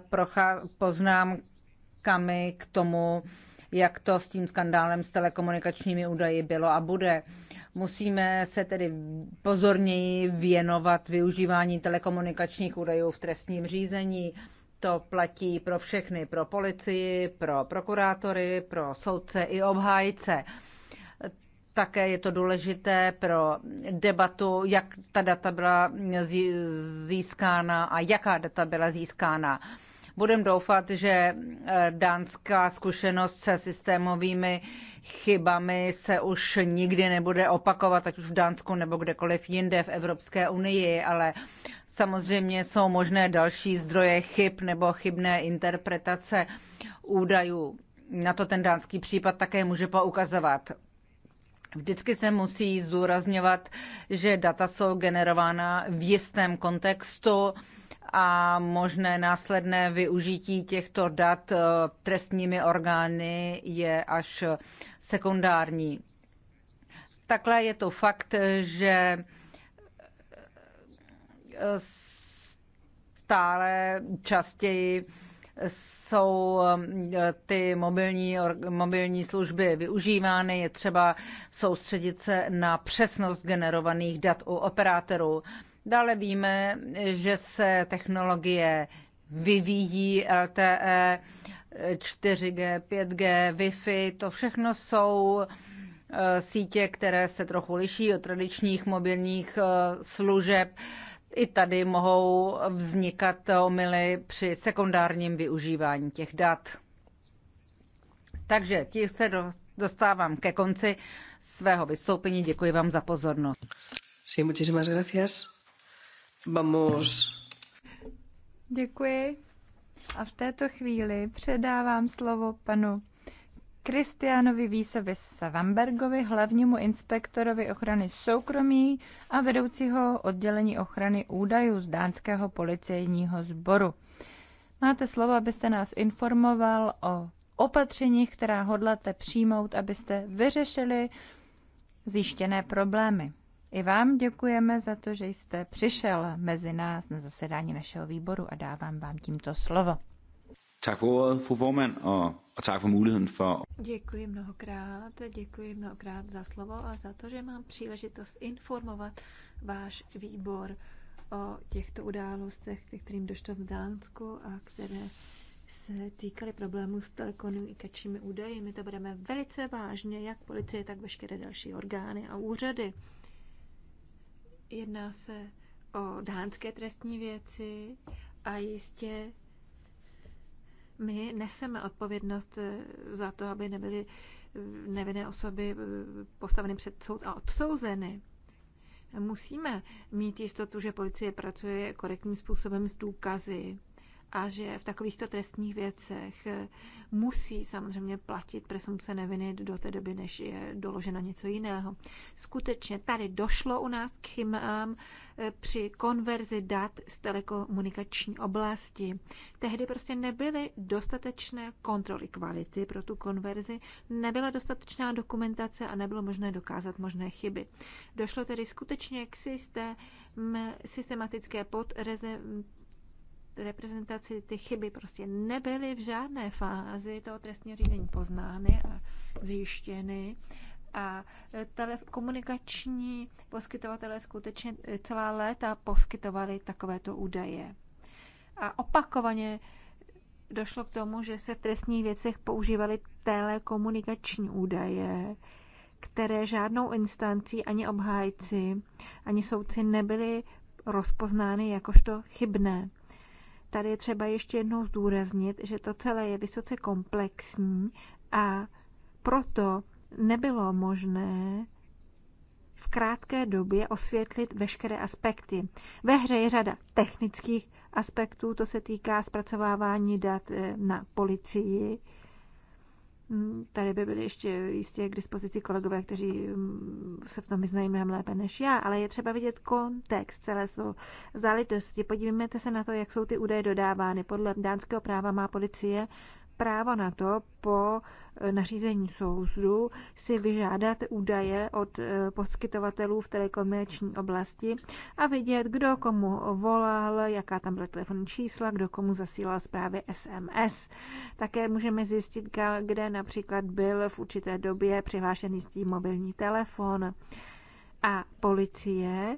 poznámkami k tomu, jak to s tím skandálem s telekomunikačními údaji bylo a bude. Musíme se tedy pozorněji věnovat využívání telekomunikačních údajů v trestním řízení to platí pro všechny, pro policii, pro prokurátory, pro soudce i obhájce. Také je to důležité pro debatu, jak ta data byla získána a jaká data byla získána. Budem doufat, že eh, dánská zkušenost se systémovými chybami se už nikdy nebude opakovat, ať už v Dánsku nebo kdekoliv jinde v Evropské unii, ale samozřejmě jsou možné další zdroje chyb nebo chybné interpretace údajů. Na to ten dánský případ také může poukazovat. Vždycky se musí zdůrazňovat, že data jsou generována v jistém kontextu a možné následné využití těchto dat eh, trestními orgány je až sekundární. Takhle je to fakt, že eh, stále častěji jsou um, ty mobilní, mobilní služby využívány. Je třeba soustředit se na přesnost generovaných dat u operátorů. Dále víme, že se technologie vyvíjí LTE, 4G, 5G, Wi-Fi, to všechno jsou uh, sítě, které se trochu liší od tradičních mobilních uh, služeb i tady mohou vznikat omily při sekundárním využívání těch dat. Takže tím se dostávám ke konci svého vystoupení. Děkuji vám za pozornost. Sí, muchísimas gracias. Vamos. Děkuji. A v této chvíli předávám slovo panu Kristianovi Vísovi Savambergovi, hlavnímu inspektorovi ochrany soukromí a vedoucího oddělení ochrany údajů z dánského policejního sboru. Máte slovo, abyste nás informoval o opatřeních, která hodláte přijmout, abyste vyřešili zjištěné problémy. I vám děkujeme za to, že jste přišel mezi nás na zasedání našeho výboru a dávám vám tímto slovo. Tak for ordet, fru formand, og, og tak for muligheden for... Děkuji mnohokrát, děkuji mnohokrát za slovo a za to, že mám příležitost informovat váš výbor o těchto událostech, ke kterým došlo v Dánsku a které se týkaly problémů s telekomunikačními údaji. My to budeme velice vážně, jak policie, tak veškeré další orgány a úřady. Jedná se o dánské trestní věci a jistě my neseme odpovědnost eh, za to, aby nebyly eh, nevinné osoby eh, postaveny před soud a odsouzeny. Musíme mít jistotu, že policie pracuje korektním způsobem s důkazy a že v takovýchto trestních věcech eh, musí samozřejmě platit presumpce neviny do té doby, než je doloženo něco jiného. Skutečně tady došlo u nás k chybám eh, při konverzi dat z telekomunikační oblasti. Tehdy prostě nebyly dostatečné kontroly kvality pro tu konverzi, nebyla dostatečná dokumentace a nebylo možné dokázat možné chyby. Došlo tedy skutečně k systém, systematické podreze reprezentaci ty chyby prostě nebyly v žádné fázi toho trestního řízení poznány a zjištěny. A e, telekomunikační poskytovatelé skutečně e, celá léta poskytovali takovéto údaje. A opakovaně došlo k tomu, že se v trestních věcech používaly telekomunikační údaje, které žádnou instancí, ani obhájci, ani soudci nebyly rozpoznány jakožto chybné tady je třeba ještě jednou zdůraznit, že to celé je vysoce komplexní a proto nebylo možné v krátké době osvětlit veškeré aspekty. Ve hře je řada technických aspektů, to se týká zpracovávání dat eh, na policii, Mm, tady by byly ještě jistě k dispozici kolegové, kteří mm, se v tom vyznají mnohem lépe než já, ale je třeba vidět kontext celé jsou záležitosti. Podívejte se na to, jak jsou ty údaje dodávány. Podle dánského práva má policie právo na to po eh, nařízení soudu si vyžádat údaje od eh, poskytovatelů v telekomerční oblasti a vidět, kdo komu volal, jaká tam byla telefonní čísla, kdo komu zasílal zprávy SMS. Také můžeme zjistit, kde například byl v určité době přihlášený s tím mobilní telefon. A policie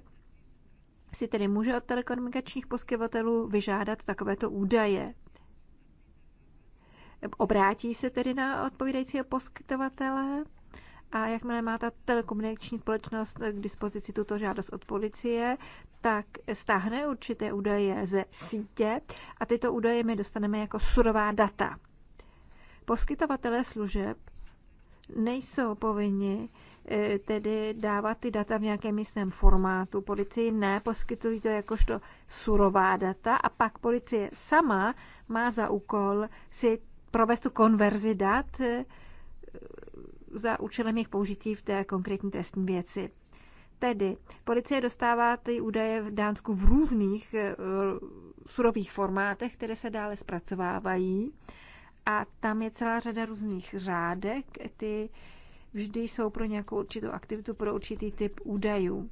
si tedy může od telekomunikačních poskytovatelů vyžádat takovéto údaje obrátí se tedy na odpovídajícího poskytovatele a jakmile má ta telekomunikační společnost k dispozici tuto žádost od policie, tak stáhne určité údaje ze sítě a tyto údaje my dostaneme jako surová data. Poskytovatelé služeb nejsou povinni eh, tedy dávat ty data v nějakém místném formátu. Policii ne, poskytují to jakožto surová data a pak policie sama má za úkol si provést tu konverzi dat eh, za účelem jejich použití v té konkrétní trestní věci. Tedy policie dostává ty údaje v Dánsku v různých eh, surových formátech, které se dále zpracovávají. A tam je celá řada různých řádek, ty vždy jsou pro nějakou určitou aktivitu, pro určitý typ údajů.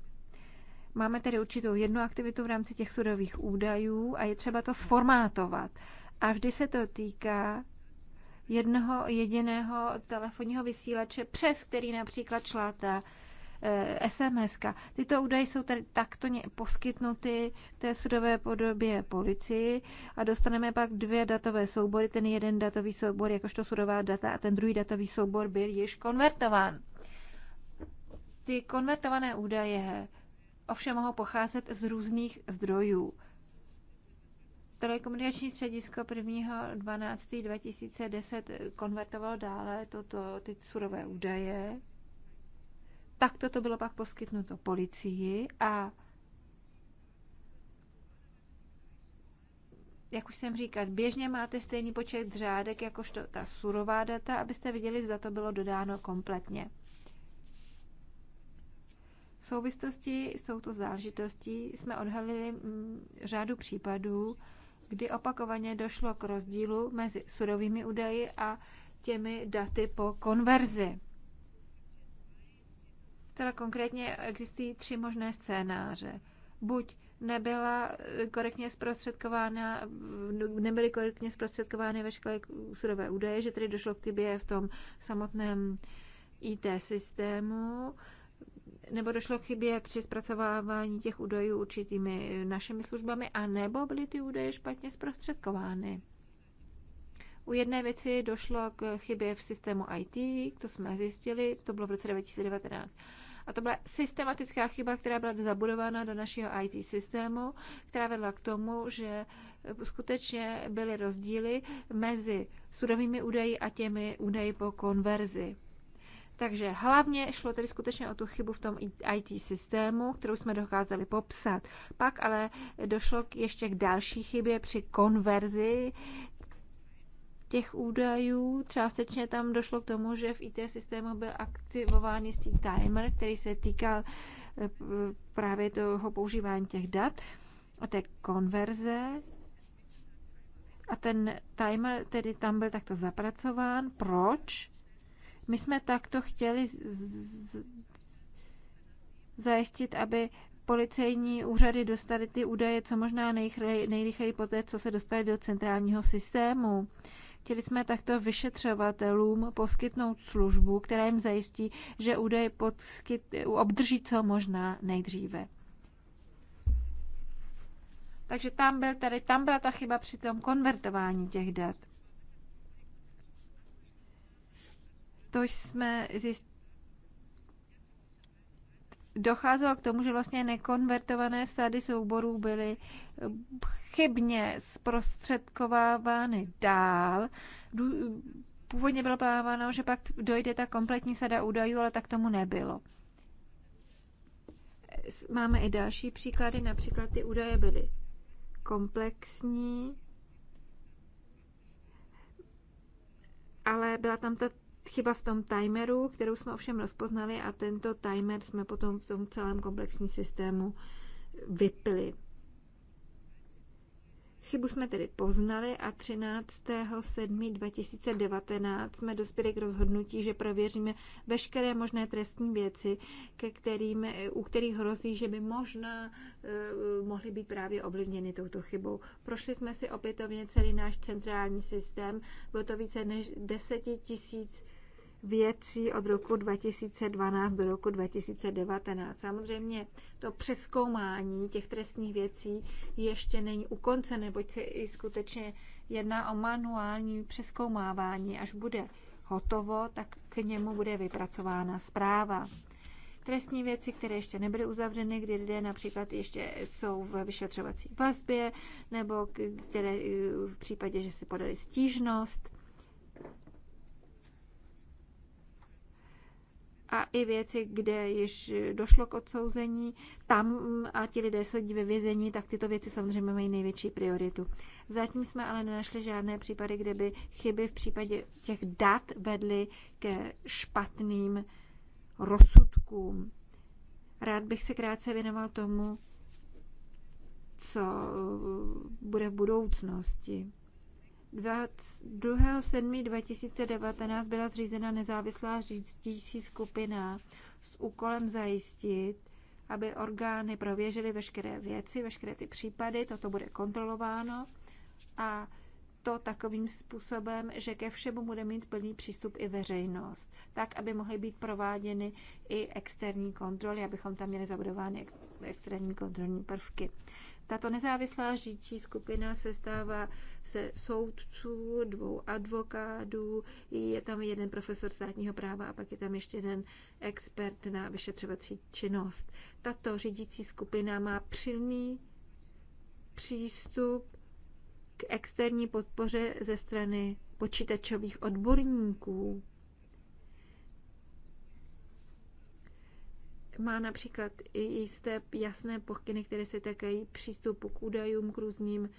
Máme tedy určitou jednu aktivitu v rámci těch surových údajů a je třeba to sformátovat. A vždy se to týká jednoho jediného telefonního vysílače, přes který například e, eh, SMS. -ka. Tyto údaje jsou tady takto poskytnuty v té sudové podobě policii a dostaneme pak dvě datové soubory. Ten jeden datový soubor jakožto sudová data a ten druhý datový soubor byl již konvertován. Ty konvertované údaje ovšem mohou pocházet z různých zdrojů telekomunikační středisko 1.12.2010 eh, konvertovalo dále toto, ty surové údaje. Tak toto bylo pak poskytnuto policii a jak už jsem říkal, běžně máte stejný počet řádek, jakožto ta surová data, abyste viděli, zda to bylo dodáno kompletně. V souvislosti s touto záležitostí jsme odhalili mm, řádu případů, kdy opakovaně došlo k rozdílu mezi surovými údaji a těmi daty po konverzi. Teda konkrétně existují tři možné scénáře. Buď nebyla korektně zprostředkována, nebyly korektně zprostředkovány veškeré surové údaje, že tedy došlo k chybě v tom samotném IT systému, nebo došlo k chybě při zpracovávání těch údajů určitými našimi službami, a nebo byly ty údaje špatně zprostředkovány. U jedné věci došlo k chybě v systému IT, to jsme zjistili, to bylo v roce 2019. A to byla systematická chyba, která byla zabudována do našeho IT systému, která vedla k tomu, že skutečně byly rozdíly mezi surovými údaji a těmi údaji po konverzi. Takže hlavně šlo tedy skutečně o tu chybu v tom IT systému, kterou jsme dokázali popsat. Pak ale došlo k ještě k další chybě při konverzi těch údajů. Částečně tam došlo k tomu, že v IT systému byl aktivován jistý timer, který se týkal eh, právě toho používání těch dat a té konverze. A ten timer tedy tam byl takto zapracován. Proč? My jsme takto chtěli zajistit, aby policejní úřady dostaly ty údaje co možná nejrychleji, nejrychleji poté, co se dostali do centrálního systému. Chtěli jsme takto vyšetřovatelům poskytnout službu, která jim zajistí, že údaje podskyt, obdrží co možná nejdříve. Takže tam, byl tady, tam byla ta chyba při tom konvertování těch dat. to jsme zjistili, docházelo k tomu, že vlastně nekonvertované sady souborů byly eh, chybně zprostředkovávány dál. Původně bylo plánováno, že pak dojde ta kompletní sada údajů, ale tak tomu nebylo. Máme i další příklady, například ty údaje byly komplexní, ale byla tam ta chyba v tom timeru, kterou jsme ovšem rozpoznali a tento timer jsme potom v tom celém komplexním systému vypili. Chybu jsme tedy poznali a 13.7.2019 jsme dospěli k rozhodnutí, že prověříme veškeré možné trestní věci, ke kterým, u kterých hrozí, že by možná uh, mohly být právě ovlivněny touto chybou. Prošli jsme si opětovně celý náš centrální systém, bylo to více než 10 000 věcí od roku 2012 do roku 2019. Samozřejmě to přeskoumání těch trestních věcí ještě není u konce, neboť se i skutečně jedná o manuální přeskoumávání. Až bude hotovo, tak k němu bude vypracována zpráva. Trestní věci, které ještě nebyly uzavřeny, kdy lidé například ještě jsou v vyšetřovací vazbě, nebo které eh, v případě, že si podali stížnost, a i věci, kde již došlo k odsouzení tam mm, a ti lidé sedí ve vězení, tak tyto věci samozřejmě mají největší prioritu. Zatím jsme ale nenašli žádné případy, kde by chyby v případě těch dat vedly ke špatným rozsudkům. Rád bych se krátce věnoval tomu, co mm, bude v budoucnosti. 2.7.2019 byla zřízena nezávislá řídící skupina s úkolem zajistit, aby orgány prověřily veškeré věci, veškeré ty případy, toto bude kontrolováno a to takovým způsobem, že ke všemu bude mít plný přístup i veřejnost, tak, aby mohly být prováděny i externí kontroly, abychom tam měli zabudovány externí kontrolní prvky. Tato nezávislá řídící skupina se stává se soudců, dvou advokátů, je tam jeden profesor státního práva a pak je tam ještě jeden expert na vyšetřovací činnost. Tato řídící skupina má přilný přístup k externí podpoře ze strany počítačových odborníků. má například i jisté jasné pokyny, které se takají přístupu k údajům, k různým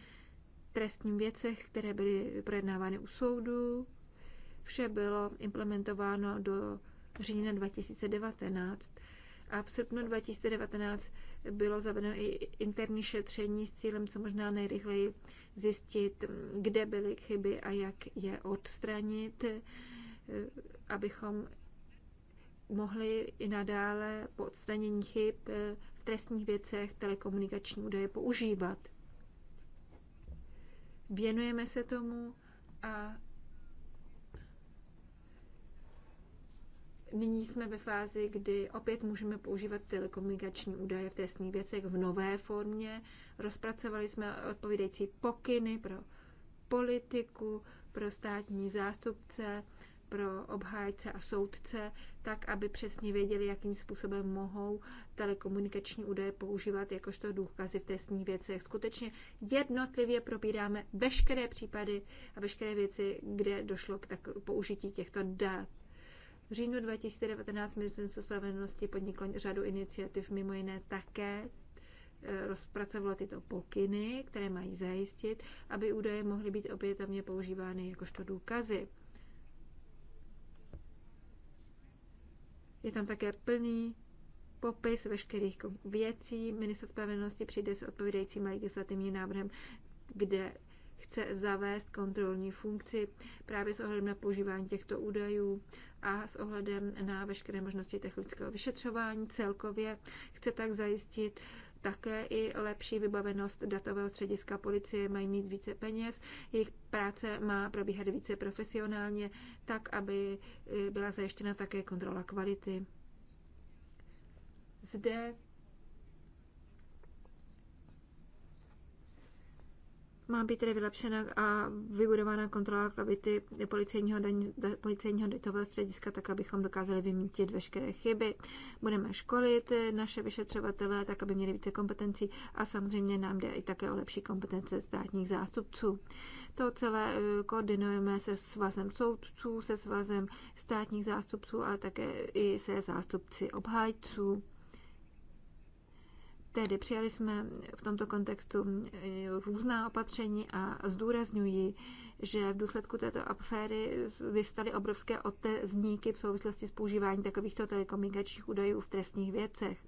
trestním věcech, které byly projednávány u soudu. Vše bylo implementováno do října 2019. A v srpnu 2019 bylo zavedeno i interní šetření s cílem co možná nejrychleji zjistit, kde byly chyby a jak je odstranit, eh, abychom mohli i nadále po odstranění chyb eh, v trestních věcech telekomunikační údaje používat. Věnujeme se tomu a nyní jsme ve fázi, kdy opět můžeme používat telekomunikační údaje v trestních věcech v nové formě. Rozpracovali jsme odpovídající pokyny pro politiku, pro státní zástupce, pro obhájce a soudce, tak aby přesně věděli, jakým způsobem mohou telekomunikační údaje používat jakožto důkazy v trestních věcech. Skutečně jednotlivě probíráme veškeré případy a veškeré věci, kde došlo k tak použití těchto dat. V říjnu 2019 Ministerstvo spravedlnosti podniklo řadu iniciativ, mimo jiné také e, rozpracovalo tyto pokyny, které mají zajistit, aby údaje mohly být opětovně používány jakožto důkazy. Je tam také plný popis veškerých věcí. Minister spravedlnosti přijde s odpovídajícím legislativním návrhem, kde chce zavést kontrolní funkci právě s ohledem na používání těchto údajů a s ohledem na veškeré možnosti technického vyšetřování celkově. Chce tak zajistit také i lepší vybavenost datového střediska policie, mají mít více peněz, jejich práce má probíhat více profesionálně, tak, aby eh, byla zajištěna také kontrola kvality. Zde Má být tedy vylepšena a vybudována kontrola kvality policejního, daň, policejního datového střediska, tak abychom dokázali vymítit veškeré chyby. Budeme školit naše vyšetřovatele, tak aby měli více kompetencí a samozřejmě nám jde i také o lepší kompetence státních zástupců. To celé eh, koordinujeme se svazem soudců, se svazem státních zástupců, ale také i se zástupci obhájců. Tedy přijali jsme v tomto kontextu mm, e, různá opatření a zdůrazňuji, že v důsledku této aféry vyvstaly obrovské otezníky v souvislosti s používáním takovýchto telekomunikačních údajů v trestních věcech.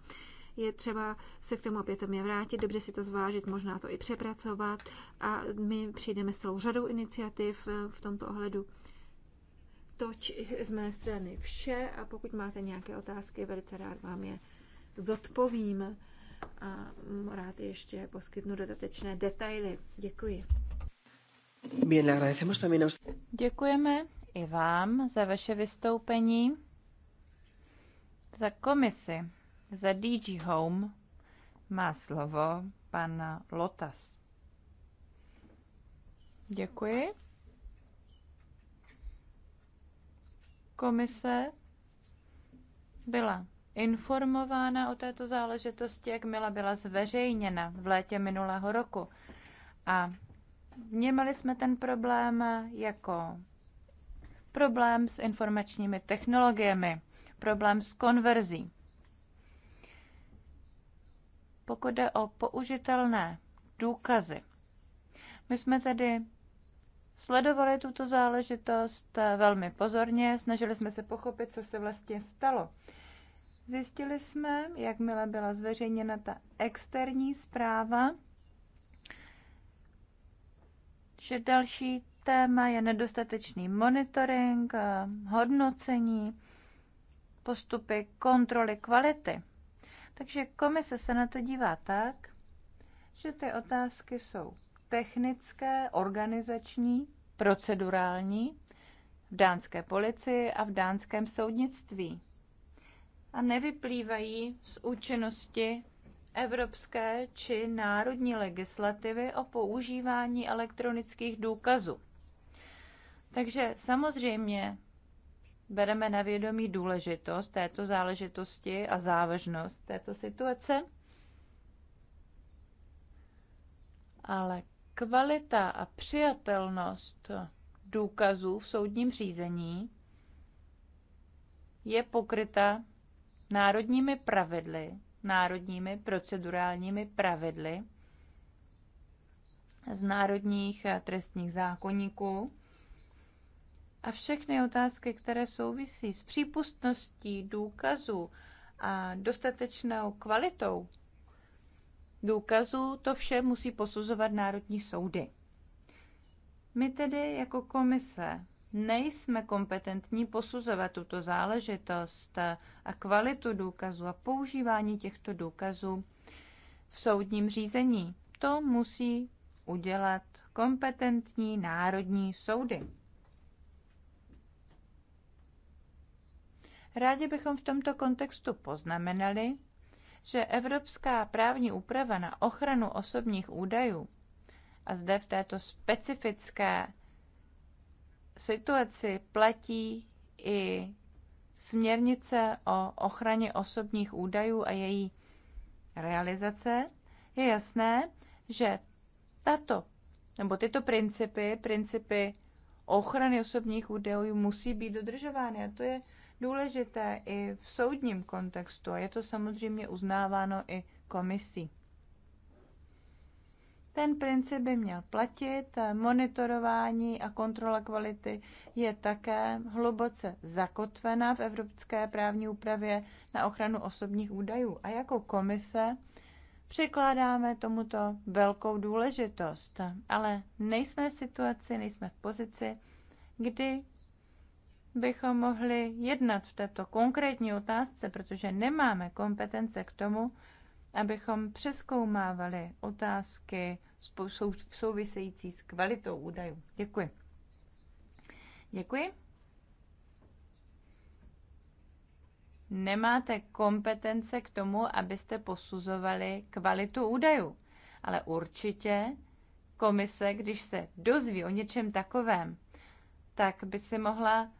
Je třeba se k tomu opětovně vrátit, dobře si to zvážit, možná to i přepracovat a my přijdeme s celou řadou iniciativ e, v tomto ohledu. Toč z mé strany vše a pokud máte nějaké otázky, velice rád vám je zodpovím a rád ještě poskytnu dodatečné detaily. Děkuji. Děkujeme i vám za vaše vystoupení, za komisi, za DG Home má slovo pan Lotas. Děkuji. Komise byla informována o této záležitosti, jakmile byla zveřejněna v létě minulého roku. A vnímali jsme ten problém jako problém s informačními technologiemi, problém s konverzí. Pokud jde o použitelné důkazy, my jsme tedy sledovali tuto záležitost velmi pozorně, snažili jsme se pochopit, co se vlastně stalo. Zjistili jsme, jakmile byla zveřejněna ta externí zpráva, že další téma je nedostatečný monitoring, eh, hodnocení, postupy kontroly kvality. Takže komise se na to dívá tak, že ty otázky jsou technické, organizační, procedurální v dánské policii a v dánském soudnictví a nevyplývají z účinnosti evropské či národní legislativy o používání elektronických důkazů. Takže samozřejmě bereme na vědomí důležitost této záležitosti a závažnost této situace, ale kvalita a přijatelnost důkazů v soudním řízení je pokryta národními pravidly, národními procedurálními pravidly z národních trestních zákonníků a všechny otázky, které souvisí s přípustností důkazů a dostatečnou kvalitou důkazů, to vše musí posuzovat národní soudy. My tedy jako komise nejsme kompetentní posuzovat tuto záležitost a kvalitu důkazu a používání těchto důkazů v soudním řízení. To musí udělat kompetentní národní soudy. Rádi bychom v tomto kontextu poznamenali, že evropská právní úprava na ochranu osobních údajů a zde v této specifické situaci platí i směrnice o ochraně osobních údajů a její realizace, je jasné, že tato nebo tyto principy, principy ochrany osobních údajů musí být dodržovány. A to je důležité i v soudním kontextu. A je to samozřejmě uznáváno i komisí. Ten princip by měl platit. Monitorování a kontrola kvality je také hluboce zakotvená v evropské právní úpravě na ochranu osobních údajů. A jako komise přikládáme tomuto velkou důležitost. Ale nejsme v situaci, nejsme v pozici, kdy bychom mohli jednat v této konkrétní otázce, protože nemáme kompetence k tomu, abychom přeskoumávali otázky související s kvalitou údajů. Děkuji. Děkuji. Nemáte kompetence k tomu, abyste posuzovali kvalitu údajů, ale určitě komise, když se dozví o něčem takovém, tak by si mohla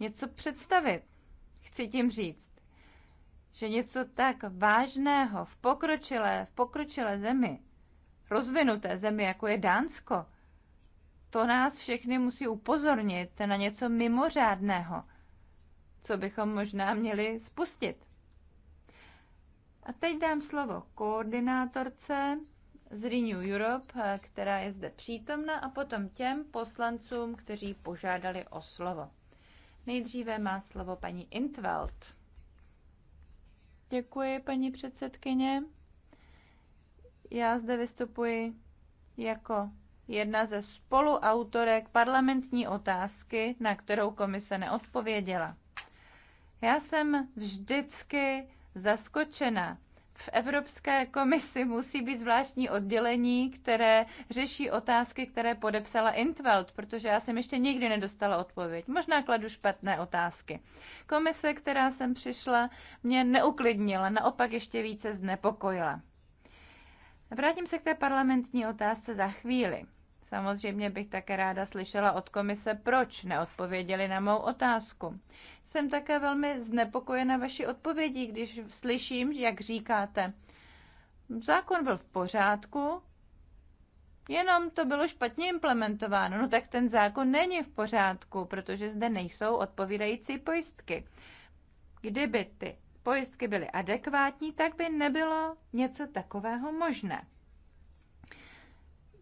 něco představit. Chci tím říct, že něco tak vážného v pokročilé, v pokročilé zemi rozvinuté zemi, jako je Dánsko, to nás všechny musí upozornit na něco mimořádného, co bychom možná měli spustit. A teď dám slovo koordinátorce z Renew Europe, která je zde přítomna, a potom těm poslancům, kteří požádali o slovo. Nejdříve má slovo paní Intveld. Děkuji, paní předsedkyně. Já zde vystupuji jako jedna ze spoluautorek parlamentní otázky, na kterou komise neodpověděla. Já jsem vždycky zaskočena. V Evropské komisi musí být zvláštní oddělení, které řeší otázky, které podepsala Intveld, protože já jsem ještě nikdy nedostala odpověď. Možná kladu špatné otázky. Komise, která jsem přišla, mě neuklidnila, naopak ještě více znepokojila. Vrátím se k té parlamentní otázce za chvíli. Samozřejmě bych také ráda slyšela od komise, proč neodpověděli na mou otázku. Jsem také velmi znepokojena vaší odpovědí, když slyším, jak říkáte, zákon byl v pořádku, jenom to bylo špatně implementováno. No tak ten zákon není v pořádku, protože zde nejsou odpovídající pojistky. Kdyby ty pojistky byly adekvátní, tak by nebylo něco takového možné.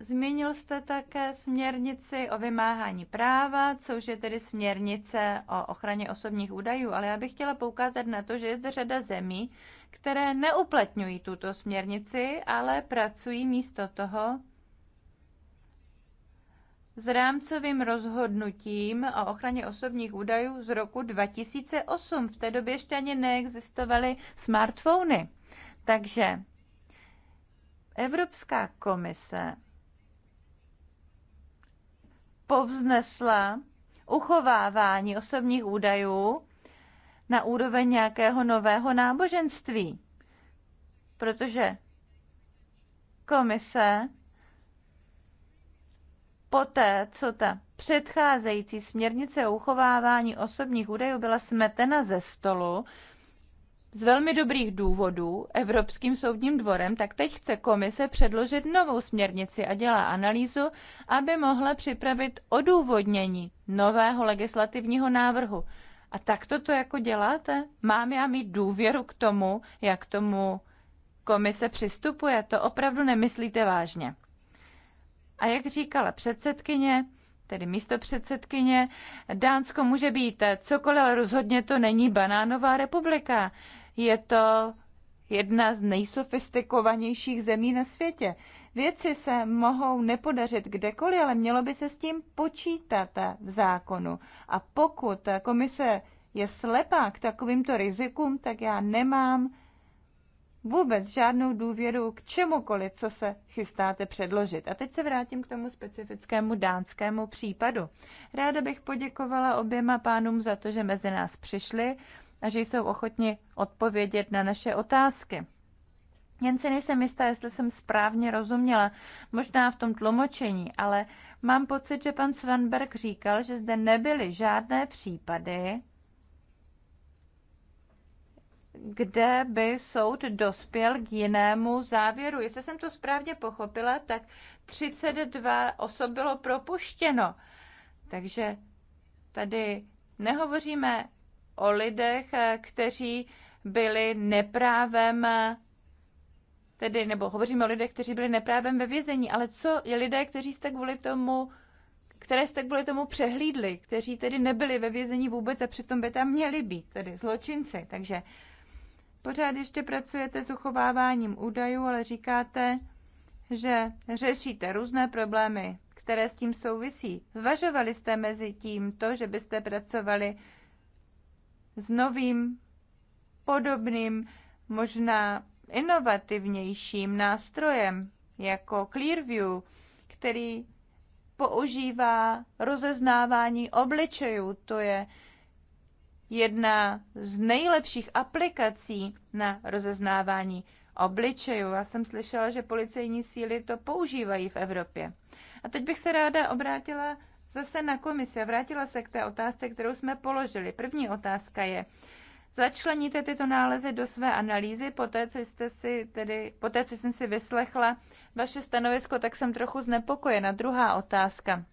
Zmínil jste také směrnici o vymáhání práva, což je tedy směrnice o ochraně osobních údajů, ale já bych chtěla poukázat na to, že je zde řada zemí, které neuplatňují tuto směrnici, ale pracují místo toho s rámcovým rozhodnutím o ochraně osobních údajů z roku 2008. V té době ještě ani neexistovaly smartfony. Takže Evropská komise povznesla uchovávání osobních údajů na úroveň nějakého nového náboženství, protože komise poté, co ta předcházející směrnice o uchovávání osobních údajů byla smetena ze stolu z velmi dobrých důvodů Evropským soudním dvorem, tak teď chce komise předložit novou směrnici a dělá analýzu, aby mohla připravit odůvodnění nového legislativního návrhu. A tak to jako děláte? Mám já mít důvěru k tomu, jak tomu komise přistupuje? To opravdu nemyslíte vážně. A jak říkala předsedkyně, tedy místo předsedkyně, Dánsko může být cokoliv, ale rozhodně to není banánová republika. Je to jedna z nejsofistikovanějších zemí na světě. Věci se mohou nepodařit kdekoliv, ale mělo by se s tím počítat v zákonu. A pokud komise je slepá k takovýmto rizikům, tak já nemám vůbec žádnou důvěru k čemukoliv, co se chystáte předložit. A teď se vrátím k tomu specifickému dánskému případu. Ráda bych poděkovala oběma pánům za to, že mezi nás přišli a že jsou ochotni odpovědět na naše otázky. Jen si nejsem jistá, jestli jsem správně rozuměla, možná v tom tlumočení, ale mám pocit, že pan Svanberg říkal, že zde nebyly žádné případy, kde by soud dospěl k jinému závěru. Jestli jsem to správně pochopila, tak 32 osob bylo propuštěno. Takže tady nehovoříme o lidech, kteří byli neprávem, tedy, nebo hovoříme o lidech, kteří byli neprávem ve vězení, ale co je lidé, kteří jste kvůli tomu, které jste kvůli tomu přehlídli, kteří tedy nebyli ve vězení vůbec a přitom by tam měli být, tedy zločinci. Takže Pořád ještě pracujete s uchováváním údajů, ale říkáte, že řešíte různé problémy, které s tím souvisí. Zvažovali jste mezi tím to, že byste pracovali s novým, podobným, možná inovativnějším nástrojem, jako Clearview, který používá rozeznávání obličejů. To je jedna z nejlepších aplikací na rozeznávání obličejů. Já jsem slyšela, že policejní síly to používají v Evropě. A teď bych se ráda obrátila zase na komisi a vrátila se k té otázce, kterou jsme položili. První otázka je, začleníte tyto nálezy do své analýzy, poté, co jste si tedy, poté, co jsem si vyslechla vaše stanovisko, tak jsem trochu znepokojena. Druhá otázka.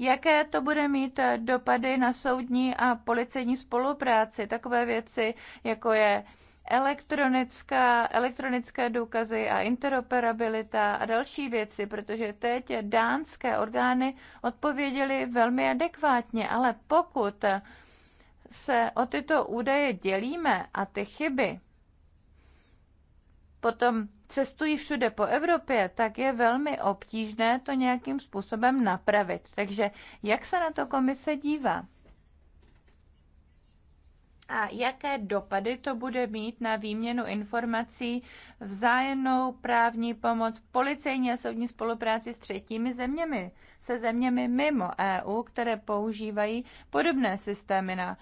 Jaké to bude mít eh, dopady na soudní a policejní spolupráci? Takové věci, jako je elektronická, elektronické důkazy a interoperabilita a další věci, protože teď dánské orgány odpověděly velmi adekvátně, ale pokud se o tyto údaje dělíme a ty chyby potom cestují všude po Evropě, tak je velmi obtížné to nějakým způsobem napravit. Takže jak se na to komise dívá? A jaké dopady to bude mít na výměnu informací, vzájemnou právní pomoc, policejní a soudní spolupráci s třetími zeměmi, se zeměmi mimo EU, které používají podobné systémy na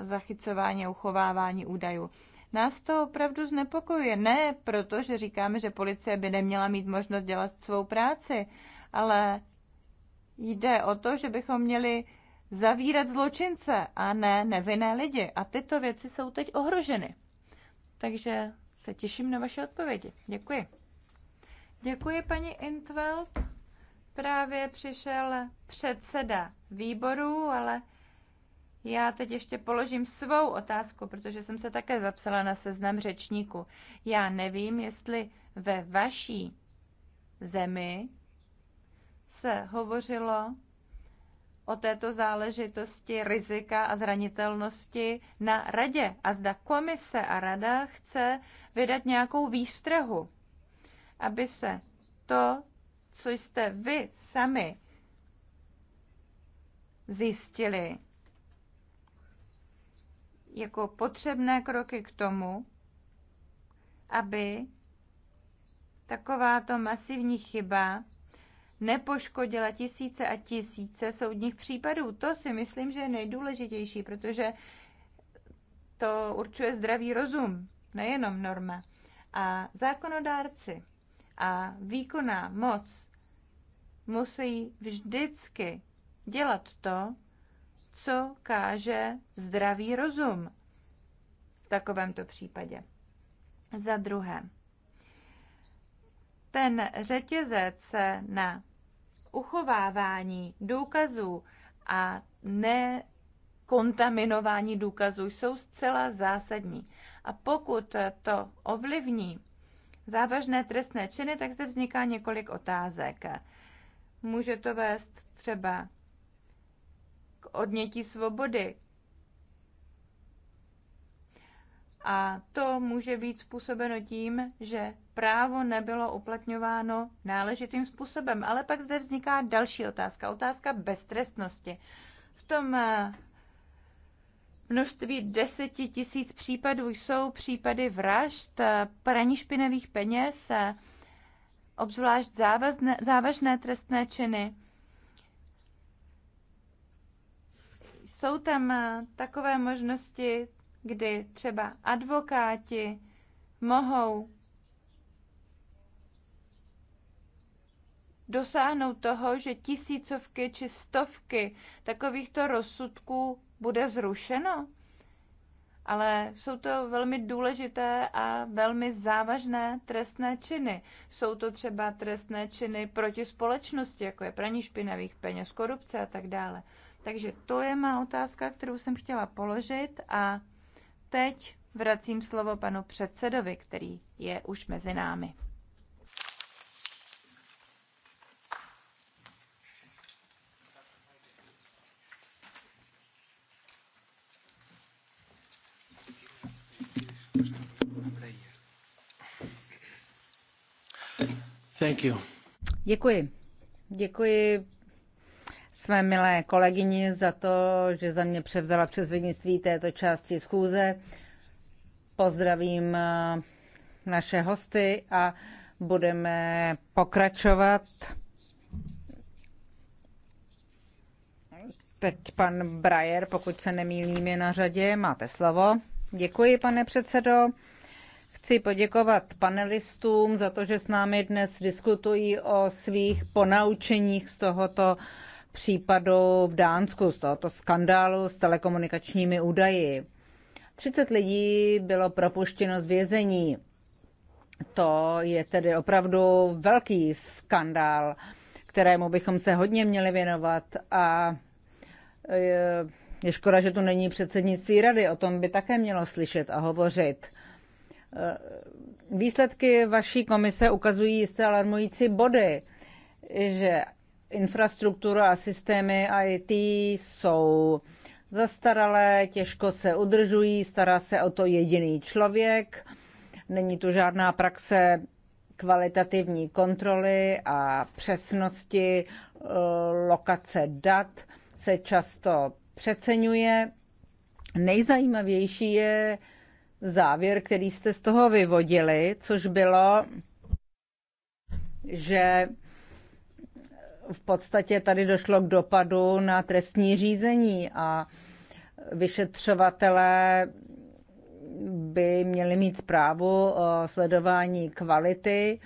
zachycování a uchovávání údajů. Nás to opravdu znepokojuje. Ne proto, že říkáme, že policie by neměla mít možnost dělat svou práci, ale jde o to, že bychom měli zavírat zločince a ne nevinné lidi. A tyto věci jsou teď ohroženy. Takže se těším na vaše odpovědi. Děkuji. Děkuji, paní Intveld. Právě přišel předseda výboru, ale já teď ještě položím svou otázku, protože jsem se také zapsala na seznam řečníku. Já nevím, jestli ve vaší zemi se hovořilo o této záležitosti rizika a zranitelnosti na radě a zda komise a rada chce vydat nějakou výstrahu, aby se to, co jste vy sami zjistili, jako potřebné kroky k tomu, aby takováto masivní chyba nepoškodila tisíce a tisíce soudních případů. To si myslím, že je nejdůležitější, protože to určuje zdravý rozum, nejenom norma. A zákonodárci a výkonná moc musí vždycky dělat to, co káže zdravý rozum v takovémto případě. Za druhé, ten řetězec na uchovávání důkazů a nekontaminování důkazů jsou zcela zásadní. A pokud to ovlivní závažné trestné činy, tak zde vzniká několik otázek. Může to vést třeba odnětí svobody. A to může být způsobeno tím, že právo nebylo uplatňováno náležitým způsobem. Ale pak zde vzniká další otázka, otázka beztrestnosti. V tom eh, množství deseti tisíc případů jsou případy vražd, eh, praní špinavých peněz, eh, obzvlášť závazné, závažné trestné činy. Jsou tam eh, takové možnosti, kdy třeba advokáti mohou dosáhnout toho, že tisícovky či stovky takovýchto rozsudků bude zrušeno. Ale jsou to velmi důležité a velmi závažné trestné činy. Jsou to třeba trestné činy proti společnosti, jako je praní špinavých peněz, korupce a tak dále. Takže to je má otázka, kterou jsem chtěla položit a teď vracím slovo panu předsedovi, který je už mezi námi. Thank you. Děkuji. Děkuji své milé kolegyni za to, že za mě převzala předsednictví této části schůze. Pozdravím eh, naše hosty a budeme pokračovat. Teď pan Brajer, pokud se nemýlím, je na řadě. Máte slovo. Děkuji, pane předsedo. Chci poděkovat panelistům za to, že s námi dnes diskutují o svých ponaučeních z tohoto uh, případu v Dánsku, z tohoto skandálu s telekomunikačními údaji. 30 lidí bylo propuštěno z vězení. To je tedy opravdu velký skandál, kterému bychom se hodně měli věnovat a eh, je škoda, že tu není předsednictví rady, o tom by také mělo slyšet a hovořit. Eh, výsledky vaší komise ukazují jisté alarmující body, že infrastruktura a systémy IT jsou zastaralé, těžko se udržují, stará se o to jediný člověk, není tu žádná praxe kvalitativní kontroly a přesnosti eh, lokace dat se často přeceňuje. Nejzajímavější je závěr, který jste z toho vyvodili, což bylo, že v podstatě tady došlo k dopadu na trestní řízení a vyšetřovatelé by měli mít zprávu o sledování kvality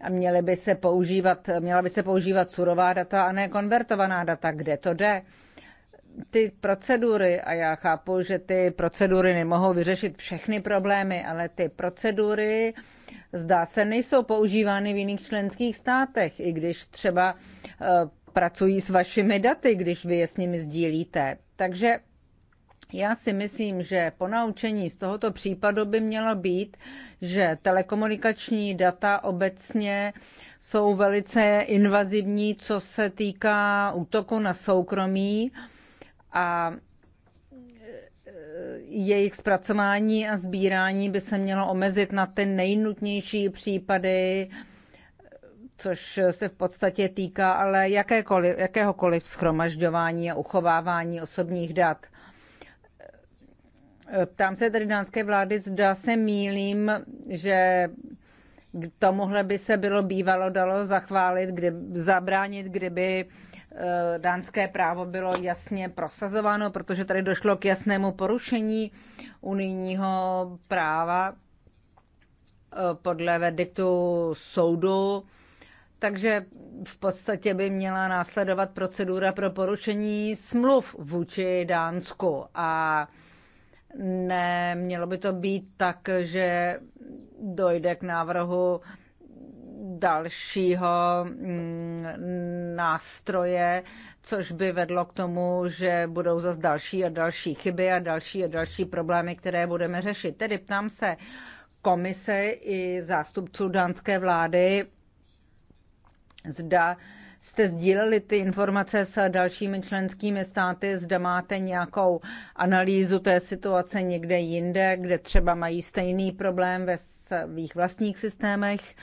a měly by se používat, měla by se používat surová data a ne konvertovaná data, kde to jde. Ty procedury, a já chápu, že ty procedury nemohou vyřešit všechny problémy, ale ty procedury zdá se nejsou používány v jiných členských státech, i když třeba eh, pracují s vašimi daty, když vy je s nimi sdílíte. Takže já si myslím, že ponaučení z tohoto případu by mělo být, že telekomunikační data obecně jsou velice invazivní, co se týká útoku na soukromí a jejich zpracování a sbírání by se mělo omezit na ty nejnutnější případy, což se v podstatě týká ale jakékoliv, jakéhokoliv schromažďování a uchovávání osobních dat. Ptám se tedy dánské vlády, zda se mílím, že tomuhle by se bylo bývalo dalo zachválit, kdy, zabránit, kdyby Eh, dánské právo bylo jasně prosazováno, protože tady došlo k jasnému porušení unijního práva eh, podle verdiktu soudu. Takže v podstatě by měla následovat procedura pro porušení smluv vůči Dánsku. A nemělo by to být tak, že dojde k návrhu dalšího mm, nástroje, což by vedlo k tomu, že budou zas další a další chyby a další a další problémy, které budeme řešit. Tedy ptám se komise i zástupců dánské vlády, zda jste sdíleli ty informace s dalšími členskými státy, zda máte nějakou analýzu té situace někde jinde, kde třeba mají stejný problém ve svých vlastních systémech.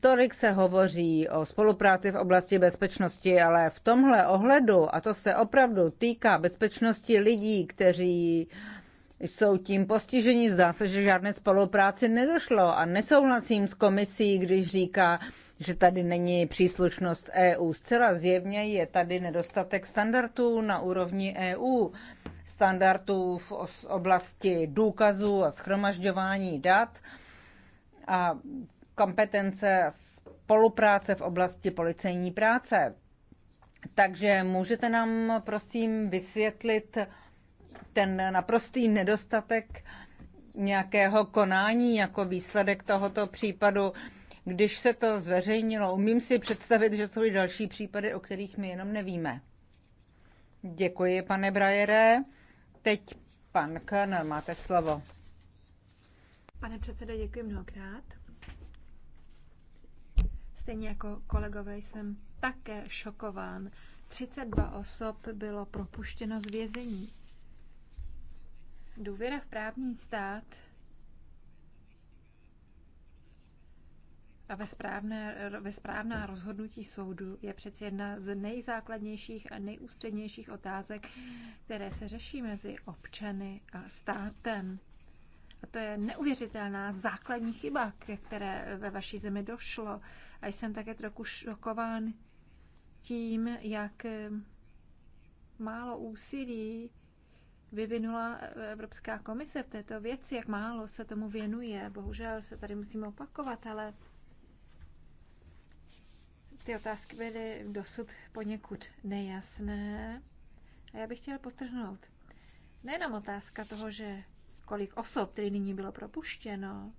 Tolik se hovoří o spolupráci v oblasti bezpečnosti, ale v tomhle ohledu, a to se opravdu týká bezpečnosti lidí, kteří jsou tím postiženi, zdá se, že žádné spolupráci nedošlo a nesouhlasím s komisí, když říká, že tady není příslušnost EU. Zcela zjevně je tady nedostatek standardů na úrovni EU, standardů v oblasti důkazů a schromažďování dat. A kompetence spolupráce v oblasti policejní práce. Takže můžete nám prosím vysvětlit ten naprostý nedostatek nějakého konání jako výsledek tohoto případu, když se to zveřejnilo. Umím si představit, že jsou i další případy, o kterých my jenom nevíme. Děkuji, pane Brajere. Teď pan Körner, máte slovo. Pane předsedo, děkuji mnohokrát. Stejně jako kolegové jsem také šokován. 32 osob bylo propuštěno z vězení. Důvěra v právní stát A ve, správné, ve správná rozhodnutí soudu je přeci jedna z nejzákladnějších a nejústřednějších otázek, které se řeší mezi občany a státem. A to je neuvěřitelná základní chyba, ke které ve vaší zemi došlo. A jsem také trochu šokován tím, jak eh, málo úsilí vyvinula eh, Evropská komise v této věci, jak málo se tomu věnuje. Bohužel se tady musíme opakovat, ale ty otázky byly dosud poněkud nejasné. A já bych chtěla potrhnout nejenom otázka toho, že kolik osob, který nyní bylo propuštěno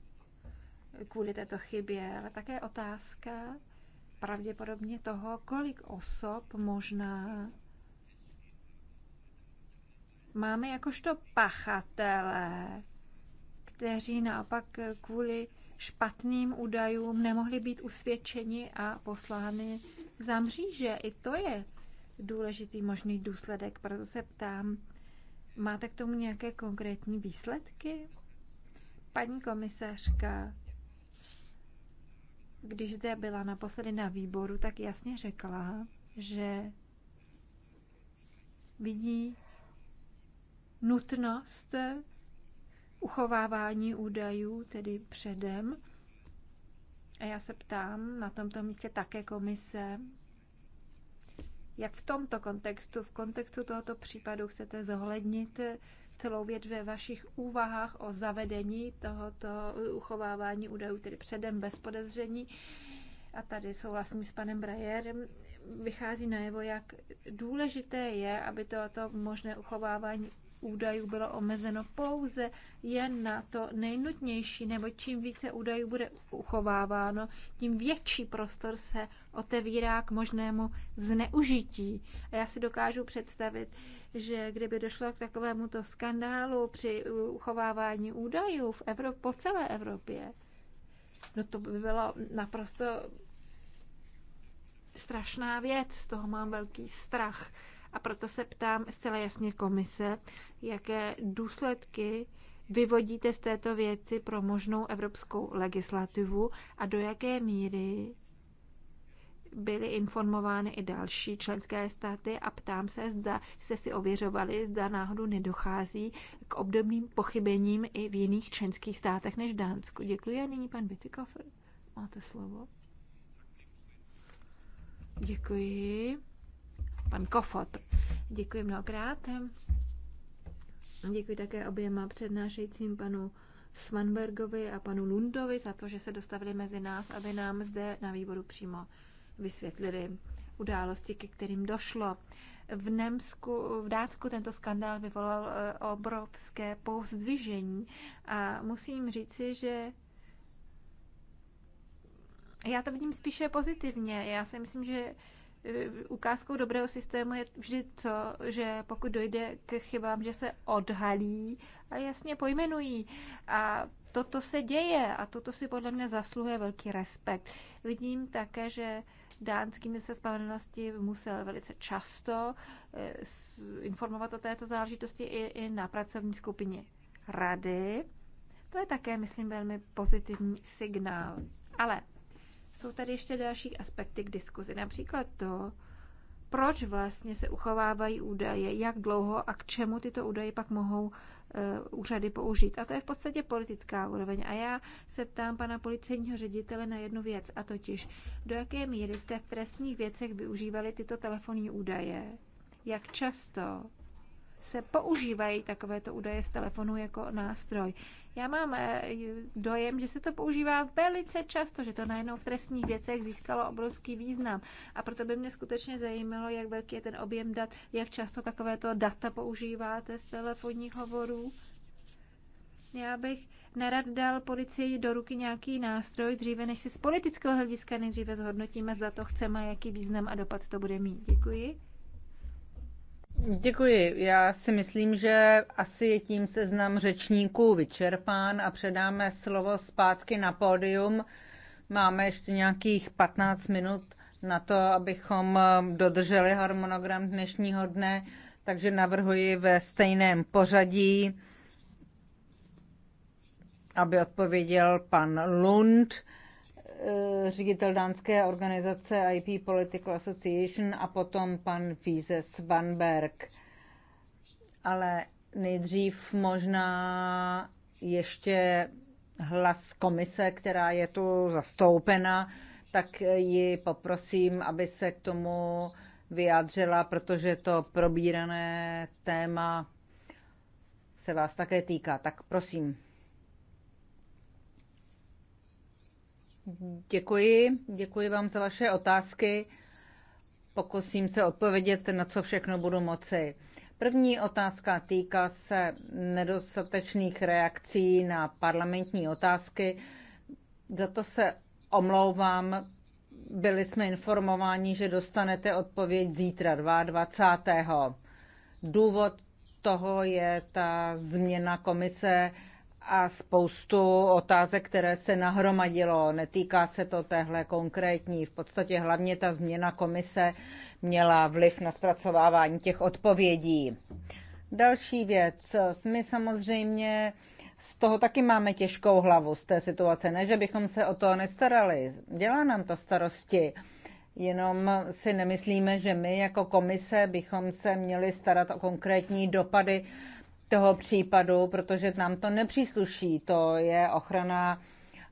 kvůli této chybě, ale také otázka pravděpodobně toho, kolik osob možná máme jakožto pachatele, kteří naopak kvůli špatným údajům nemohli být usvědčeni a poslány za mříže. I to je důležitý možný důsledek, proto se ptám, Máte k tomu nějaké konkrétní výsledky? Paní komisařka, když zde byla naposledy na výboru, tak jasně řekla, že vidí nutnost uchovávání údajů, tedy předem. A já se ptám na tomto místě také komise, jak v tomto kontextu, v kontextu tohoto případu chcete zohlednit celou věc ve vašich úvahách o zavedení tohoto uchovávání údajů, tedy předem bez podezření? A tady souhlasím s panem Brajerem, vychází najevo, jak důležité je, aby toto možné uchovávání údajů bylo omezeno pouze jen na to nejnutnější, nebo čím více údajů bude uchováváno, tím větší prostor se otevírá k možnému zneužití. A já si dokážu představit, že kdyby došlo k takovému to skandálu při uchovávání údajů v Evrop- po celé Evropě, no to by bylo naprosto strašná věc, z toho mám velký strach. A proto se ptám zcela jasně komise, jaké důsledky vyvodíte z této věci pro možnou evropskou legislativu a do jaké míry byly informovány i další členské státy a ptám se, zda se si ověřovali, zda náhodou nedochází k obdobným pochybením i v jiných členských státech než v Dánsku. Děkuji a nyní pan Bitikofer. Máte slovo. Děkuji pan Kofot. Děkuji mnohokrát. Děkuji také oběma přednášejícím panu Svanbergovi a panu Lundovi za to, že se dostavili mezi nás, aby nám zde na výboru přímo vysvětlili události, ke kterým došlo. V Nemsku, v Dácku tento skandál vyvolal e, obrovské pouzdvižení a musím říci, že já to vidím spíše pozitivně. Já si myslím, že ukázkou dobrého systému je vždy to, že pokud dojde k chybám, že se odhalí a jasně pojmenují. A toto se děje a toto si podle mě zasluhuje velký respekt. Vidím také, že dánský minister spravedlnosti musel velice často eh, informovat o této záležitosti i, i na pracovní skupině rady. To je také, myslím, velmi pozitivní signál. Ale jsou tady ještě další aspekty k diskuzi, například to, proč vlastně se uchovávají údaje, jak dlouho a k čemu tyto údaje pak mohou eh, úřady použít. A to je v podstatě politická úroveň. A já se ptám pana policejního ředitele na jednu věc, a totiž, do jaké míry jste v trestních věcech využívali tyto telefonní údaje? Jak často se používají takovéto údaje z telefonu jako nástroj? Já mám eh, dojem, že se to používá velice často, že to najednou v trestních věcech získalo obrovský význam. A proto by mě skutečně zajímalo, jak velký je ten objem dat, jak často takovéto data používáte z telefonních hovorů. Já bych nerad dal policii do ruky nějaký nástroj dříve, než si z politického hlediska nejdříve zhodnotíme, zda to chceme, jaký význam a dopad to bude mít. Děkuji. Děkuji. Já si myslím, že asi je tím seznam řečníků vyčerpán a předáme slovo zpátky na pódium. Máme ještě nějakých 15 minut na to, abychom eh, dodrželi harmonogram dnešního dne, takže navrhuji ve stejném pořadí, aby odpověděl pan Lund Eh, ředitel dánské organizace IP Political Association a potom pan Fíze Svanberg. Ale nejdřív možná ještě hlas komise, která je tu zastoupena, tak ji poprosím, aby se k tomu vyjádřila, protože to probírané téma se vás také týká. Tak prosím. Děkuji, děkuji vám za vaše otázky. Pokusím se odpovědět, na co všechno budu moci. První otázka týká se nedostatečných reakcí na parlamentní otázky. Za to se omlouvám. Byli jsme informováni, že dostanete odpověď zítra 22. Důvod toho je ta změna komise a spoustu otázek, které se nahromadilo. Netýká se to téhle konkrétní. V podstatě hlavně ta změna komise měla vliv na zpracovávání těch odpovědí. Další věc. My samozřejmě z toho taky máme těžkou hlavu z té situace. Ne, že bychom se o to nestarali. Dělá nám to starosti. Jenom si nemyslíme, že my jako komise bychom se měli starat o konkrétní dopady toho případu, protože nám to nepřísluší. To je ochrana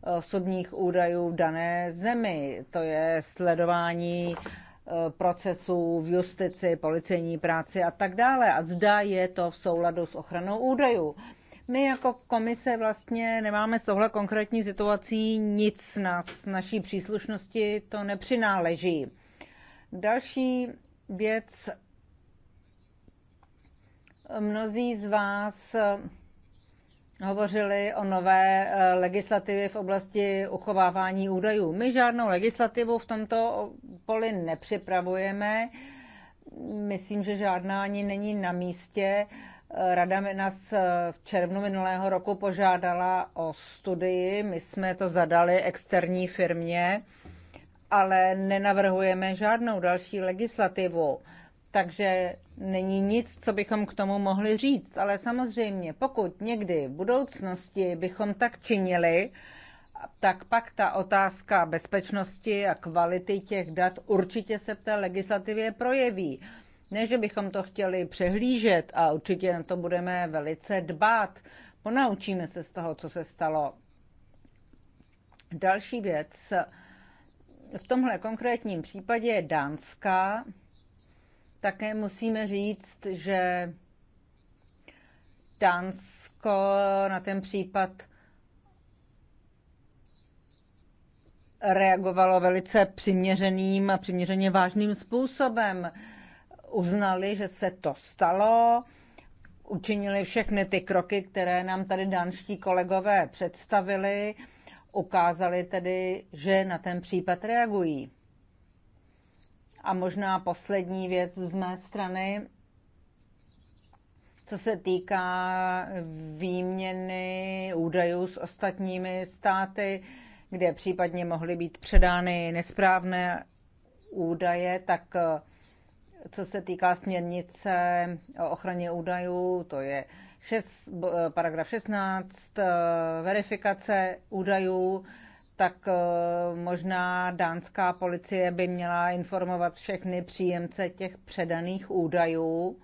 eh, osobních údajů v dané zemi. To je sledování eh, procesů v justici, policejní práci a tak dále. A zda je to v souladu s ochranou údajů. My jako komise vlastně nemáme s tohle konkrétní situací nic na naší příslušnosti, to nepřináleží. Další věc Mnozí z vás eh, hovořili o nové eh, legislativě v oblasti uchovávání údajů. My žádnou legislativu v tomto poli nepřipravujeme. Myslím, že žádná ani není na místě. Eh, Rada nás v červnu minulého roku požádala o studii. My jsme to zadali externí firmě, ale nenavrhujeme žádnou další legislativu. Takže není nic, co bychom k tomu mohli říct, ale samozřejmě, pokud někdy v budoucnosti bychom tak činili, tak pak ta otázka bezpečnosti a kvality těch dat určitě se v té legislativě projeví. Ne, že bychom to chtěli přehlížet a určitě na to budeme velice dbát. Ponaučíme se z toho, co se stalo. Další věc. V tomhle konkrétním případě je Dánska také musíme říct, že Dánsko na ten případ reagovalo velice přiměřeným a přiměřeně vážným způsobem. Uznali, že se to stalo, učinili všechny ty kroky, které nám tady danští kolegové představili, ukázali tedy, že na ten případ reagují. A možná poslední věc z mé strany, co se týká výměny údajů s ostatními státy, kde případně mohly být předány nesprávné údaje, tak eh, co se týká směrnice o ochraně údajů, to je šest, eh, paragraf 16, eh, verifikace údajů, tak eh, možná dánská policie by měla informovat všechny příjemce těch předaných údajů.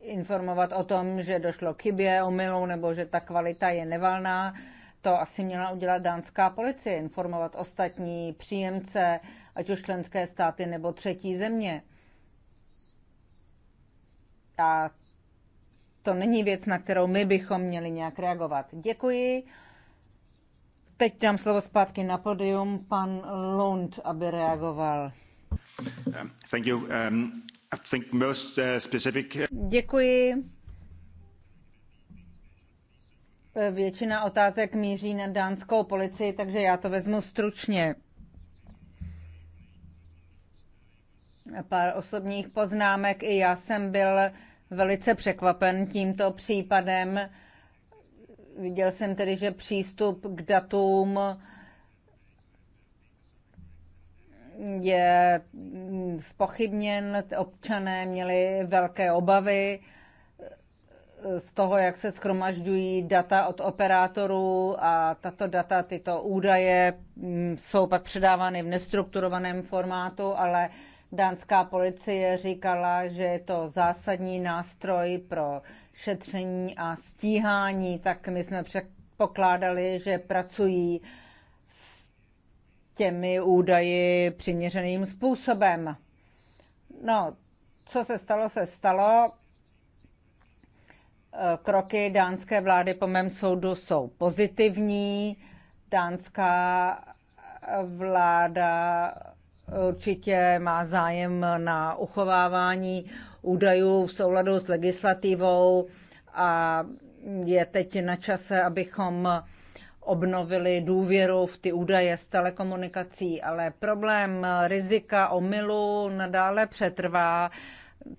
informovat o tom, že došlo k chybě, omylu nebo že ta kvalita je nevalná. To asi měla udělat dánská policie, informovat ostatní příjemce, ať už členské státy nebo třetí země. A to není věc, na kterou my bychom měli nějak reagovat. Děkuji. Teď dám slovo zpátky na podium pan Lund, aby reagoval. Um, thank you. Um, I think most, uh, specific... Uh, Děkuji. Většina otázek míří na dánskou policii, takže já to vezmu stručně. Pár osobních poznámek. I já jsem byl velice překvapen tímto případem. Viděl jsem tedy, že přístup k datům je spochybněn. Občané měli velké obavy z toho, jak se schromažďují data od operátorů a tato data, tyto údaje mm, jsou pak předávány v nestrukturovaném formátu, ale Dánská policie říkala, že je to zásadní nástroj pro šetření a stíhání, tak my jsme předpokládali, že pracují s těmi údaji přiměřeným způsobem. No, co se stalo, se stalo. Eh, kroky dánské vlády po mém soudu jsou pozitivní. Dánská eh, vláda určitě má zájem na uchovávání údajů v souladu s legislativou a je teď na čase, abychom obnovili důvěru v ty údaje z telekomunikací, ale problém rizika omylu nadále přetrvá.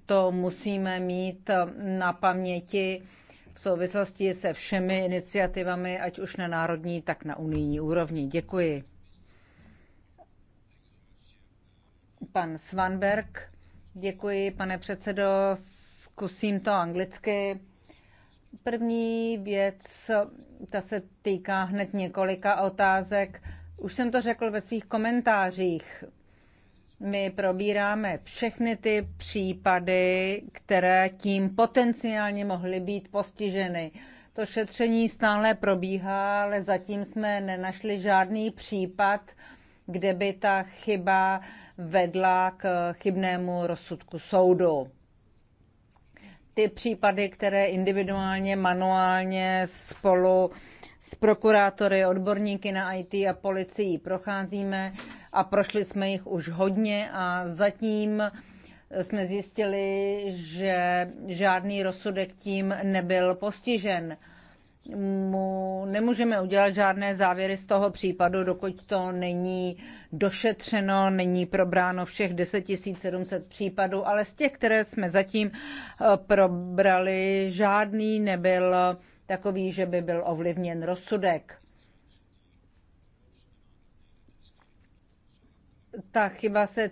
To musíme mít na paměti v souvislosti se všemi iniciativami, ať už na národní, tak na unijní úrovni. Děkuji. Pan Svanberg, děkuji, pane předsedo, zkusím to anglicky. První věc, ta se týká hned několika otázek. Už jsem to řekl ve svých komentářích. My probíráme všechny ty případy, které tím potenciálně mohly být postiženy. To šetření stále probíhá, ale zatím jsme nenašli žádný případ, kde by ta chyba vedla k chybnému rozsudku soudu. Ty případy, které individuálně, manuálně spolu s prokurátory, odborníky na IT a policií procházíme a prošli jsme jich už hodně a zatím jsme zjistili, že žádný rozsudek tím nebyl postižen mu nemůžeme udělat žádné závěry z toho případu, dokud to není došetřeno, není probráno všech 10 700 případů, ale z těch, které jsme zatím eh, probrali, žádný nebyl takový, že by byl ovlivněn rozsudek. Ta chyba se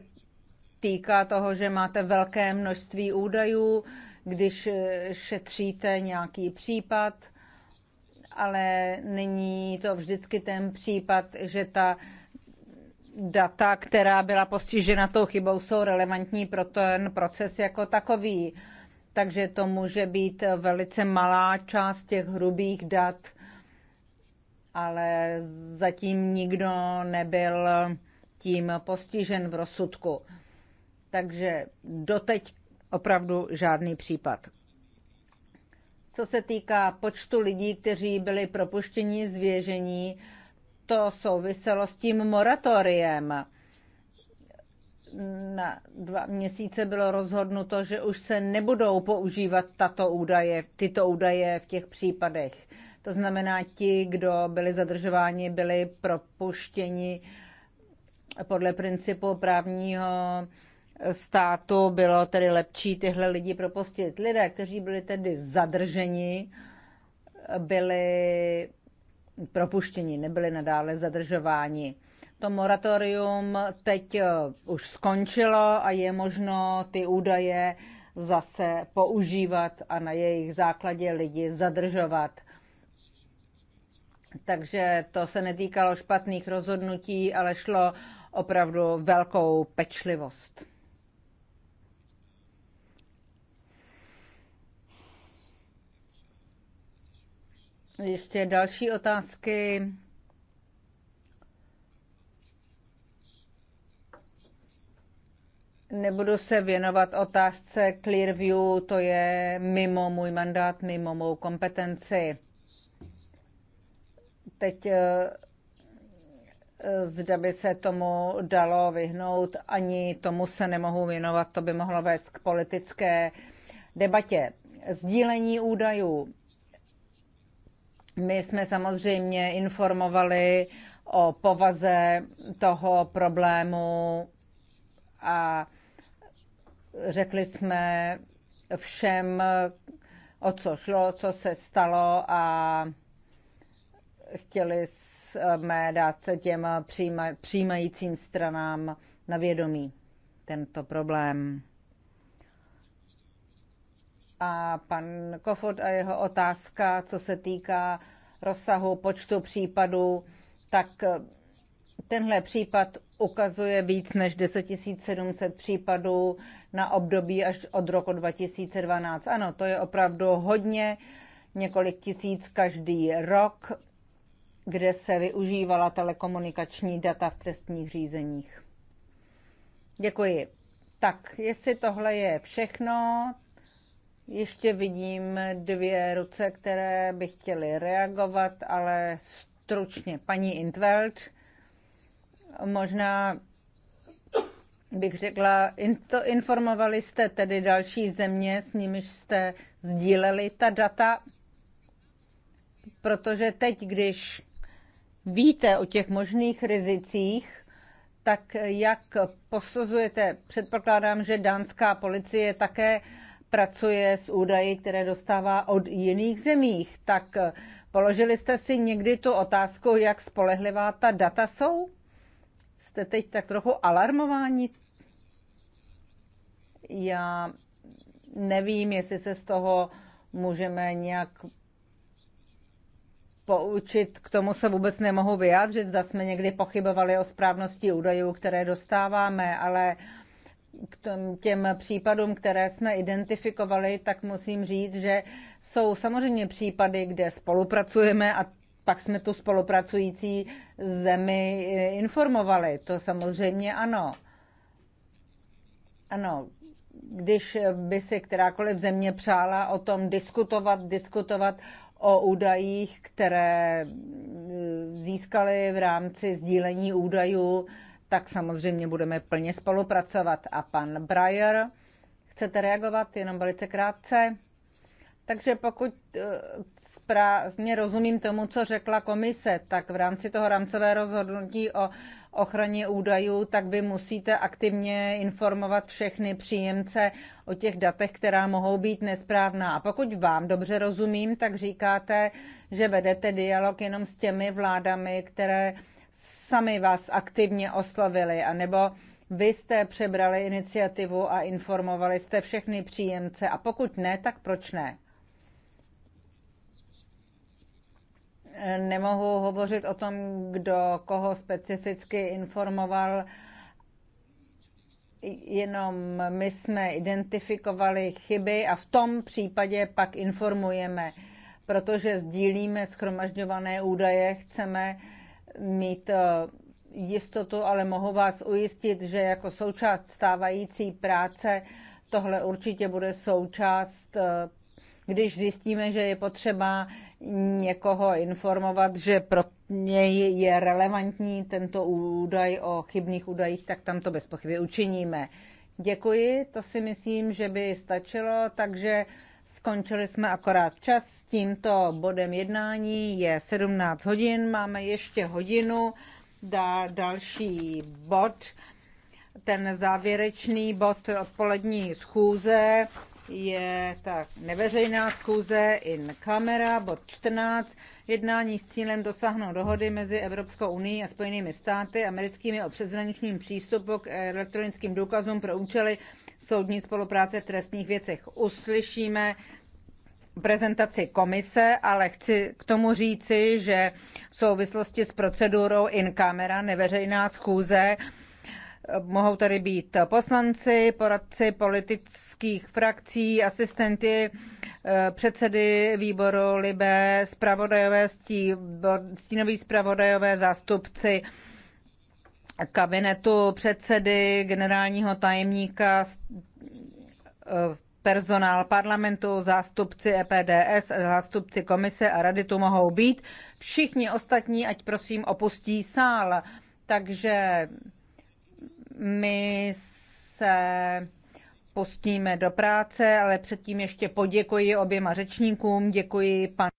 týká toho, že máte velké množství údajů, když eh, šetříte nějaký případ – ale není to vždycky ten případ, že ta data, která byla postižena tou chybou, jsou relevantní pro ten proces jako takový. Takže to může být velice malá část těch hrubých dat, ale zatím nikdo nebyl tím postižen v rozsudku. Takže doteď opravdu žádný případ. Co se týká počtu lidí, kteří byli propuštěni z věžení, to souviselo s tím moratoriem. Na dva měsíce bylo rozhodnuto, že už se nebudou používat tato údaje, tyto údaje v těch případech. To znamená, ti, kdo byli zadržováni, byli propuštěni podle principu právního státu bylo tedy lepší tyhle lidi propustit. Lidé, kteří byli tedy zadrženi, byli propuštěni, nebyli nadále zadržováni. To moratorium teď eh, už skončilo a je možno ty údaje zase používat a na jejich základě lidi zadržovat. Takže to se netýkalo špatných rozhodnutí, ale šlo opravdu velkou pečlivost. Ještě další otázky. Nebudu se věnovat otázce Clearview, to je mimo můj mandát, mimo mou kompetenci. Teď eh, eh, zda by se tomu dalo vyhnout, ani tomu se nemohu věnovat, to by mohlo vést k politické debatě. Sdílení údajů. My jsme samozřejmě informovali o povaze toho problému a řekli jsme všem, o co šlo, co se stalo a chtěli jsme dát těm přijímajícím stranám na vědomí tento problém a pan Kofod a jeho otázka, co se týká rozsahu počtu případů, tak tenhle případ ukazuje víc než 10 700 případů na období až od roku 2012. Ano, to je opravdu hodně, několik tisíc každý rok, kde se využívala telekomunikační data v trestních řízeních. Děkuji. Tak, jestli tohle je všechno, ještě vidím dvě ruce, které by chtěly reagovat, ale stručně. Paní Intveld, možná bych řekla, to informovali jste tedy další země, s nimiž jste sdíleli ta data, protože teď, když víte o těch možných rizicích, tak jak posuzujete, předpokládám, že dánská policie také uh, pracuje s údaji, které dostává od jiných zemích. Tak eh, položili jste si někdy tu otázku, jak spolehlivá ta data jsou? Jste teď tak trochu alarmováni? Já nevím, jestli se z toho můžeme nějak poučit, k tomu se vůbec nemohu vyjádřit, zda jsme někdy pochybovali o správnosti údajů, které dostáváme, ale uh, k těm případům, které jsme identifikovali, tak musím říct, že jsou samozřejmě případy, kde spolupracujeme a pak jsme tu spolupracující zemi informovali. To samozřejmě ano. Ano, když by si kterákoliv země přála o tom diskutovat, diskutovat o údajích, které získali v rámci sdílení údajů, tak samozřejmě budeme plně spolupracovat. A pan Breyer, chcete reagovat jenom velice krátce? Takže pokud eh, správně rozumím tomu, co řekla komise, tak v rámci toho rámcové rozhodnutí o ochraně údajů, tak vy musíte aktivně informovat všechny příjemce o těch datech, která mohou být nesprávná. A pokud vám dobře rozumím, tak říkáte, že vedete dialog jenom s těmi vládami, které sami vás aktivně oslovili, anebo vy jste přebrali iniciativu a informovali jste všechny příjemce a pokud ne, tak proč ne? Nemohu hovořit o tom, kdo koho specificky informoval, jenom my jsme identifikovali chyby a v tom případě pak informujeme, protože sdílíme schromažďované údaje, chceme mít eh, jistotu, ale mohu vás ujistit, že jako součást stávající práce tohle určitě bude součást, eh, když zjistíme, že je potřeba někoho informovat, že pro něj je relevantní tento údaj o chybných údajích, tak tam to bez pochyby učiníme. Děkuji, to si myslím, že by stačilo, takže Skončili jsme akorát čas s tímto bodem jednání. Je 17 hodin, máme ještě hodinu. Dá další bod, ten závěrečný bod odpolední schůze je tak neveřejná schůze in camera, bod 14 jednání s cílem dosáhnout dohody mezi Evropskou unii a Spojenými státy americkými o přeshraničním přístupu k elektronickým důkazům pro účely soudní spolupráce v trestních věcech. Uslyšíme prezentaci komise, ale chci k tomu říci, že v souvislosti s procedurou in camera neveřejná schůze mohou tady být poslanci, poradci politických frakcí, asistenty, eh, předsedy výboru Libé, spravodajové, stínoví spravodajové, zástupci kabinetu předsedy, generálního tajemníka, eh, personál parlamentu, zástupci EPDS, zástupci komise a rady tu mohou být. Všichni ostatní, ať prosím opustí sál. Takže my se pustíme do práce, ale předtím ještě poděkuji oběma řečníkům, děkuji panu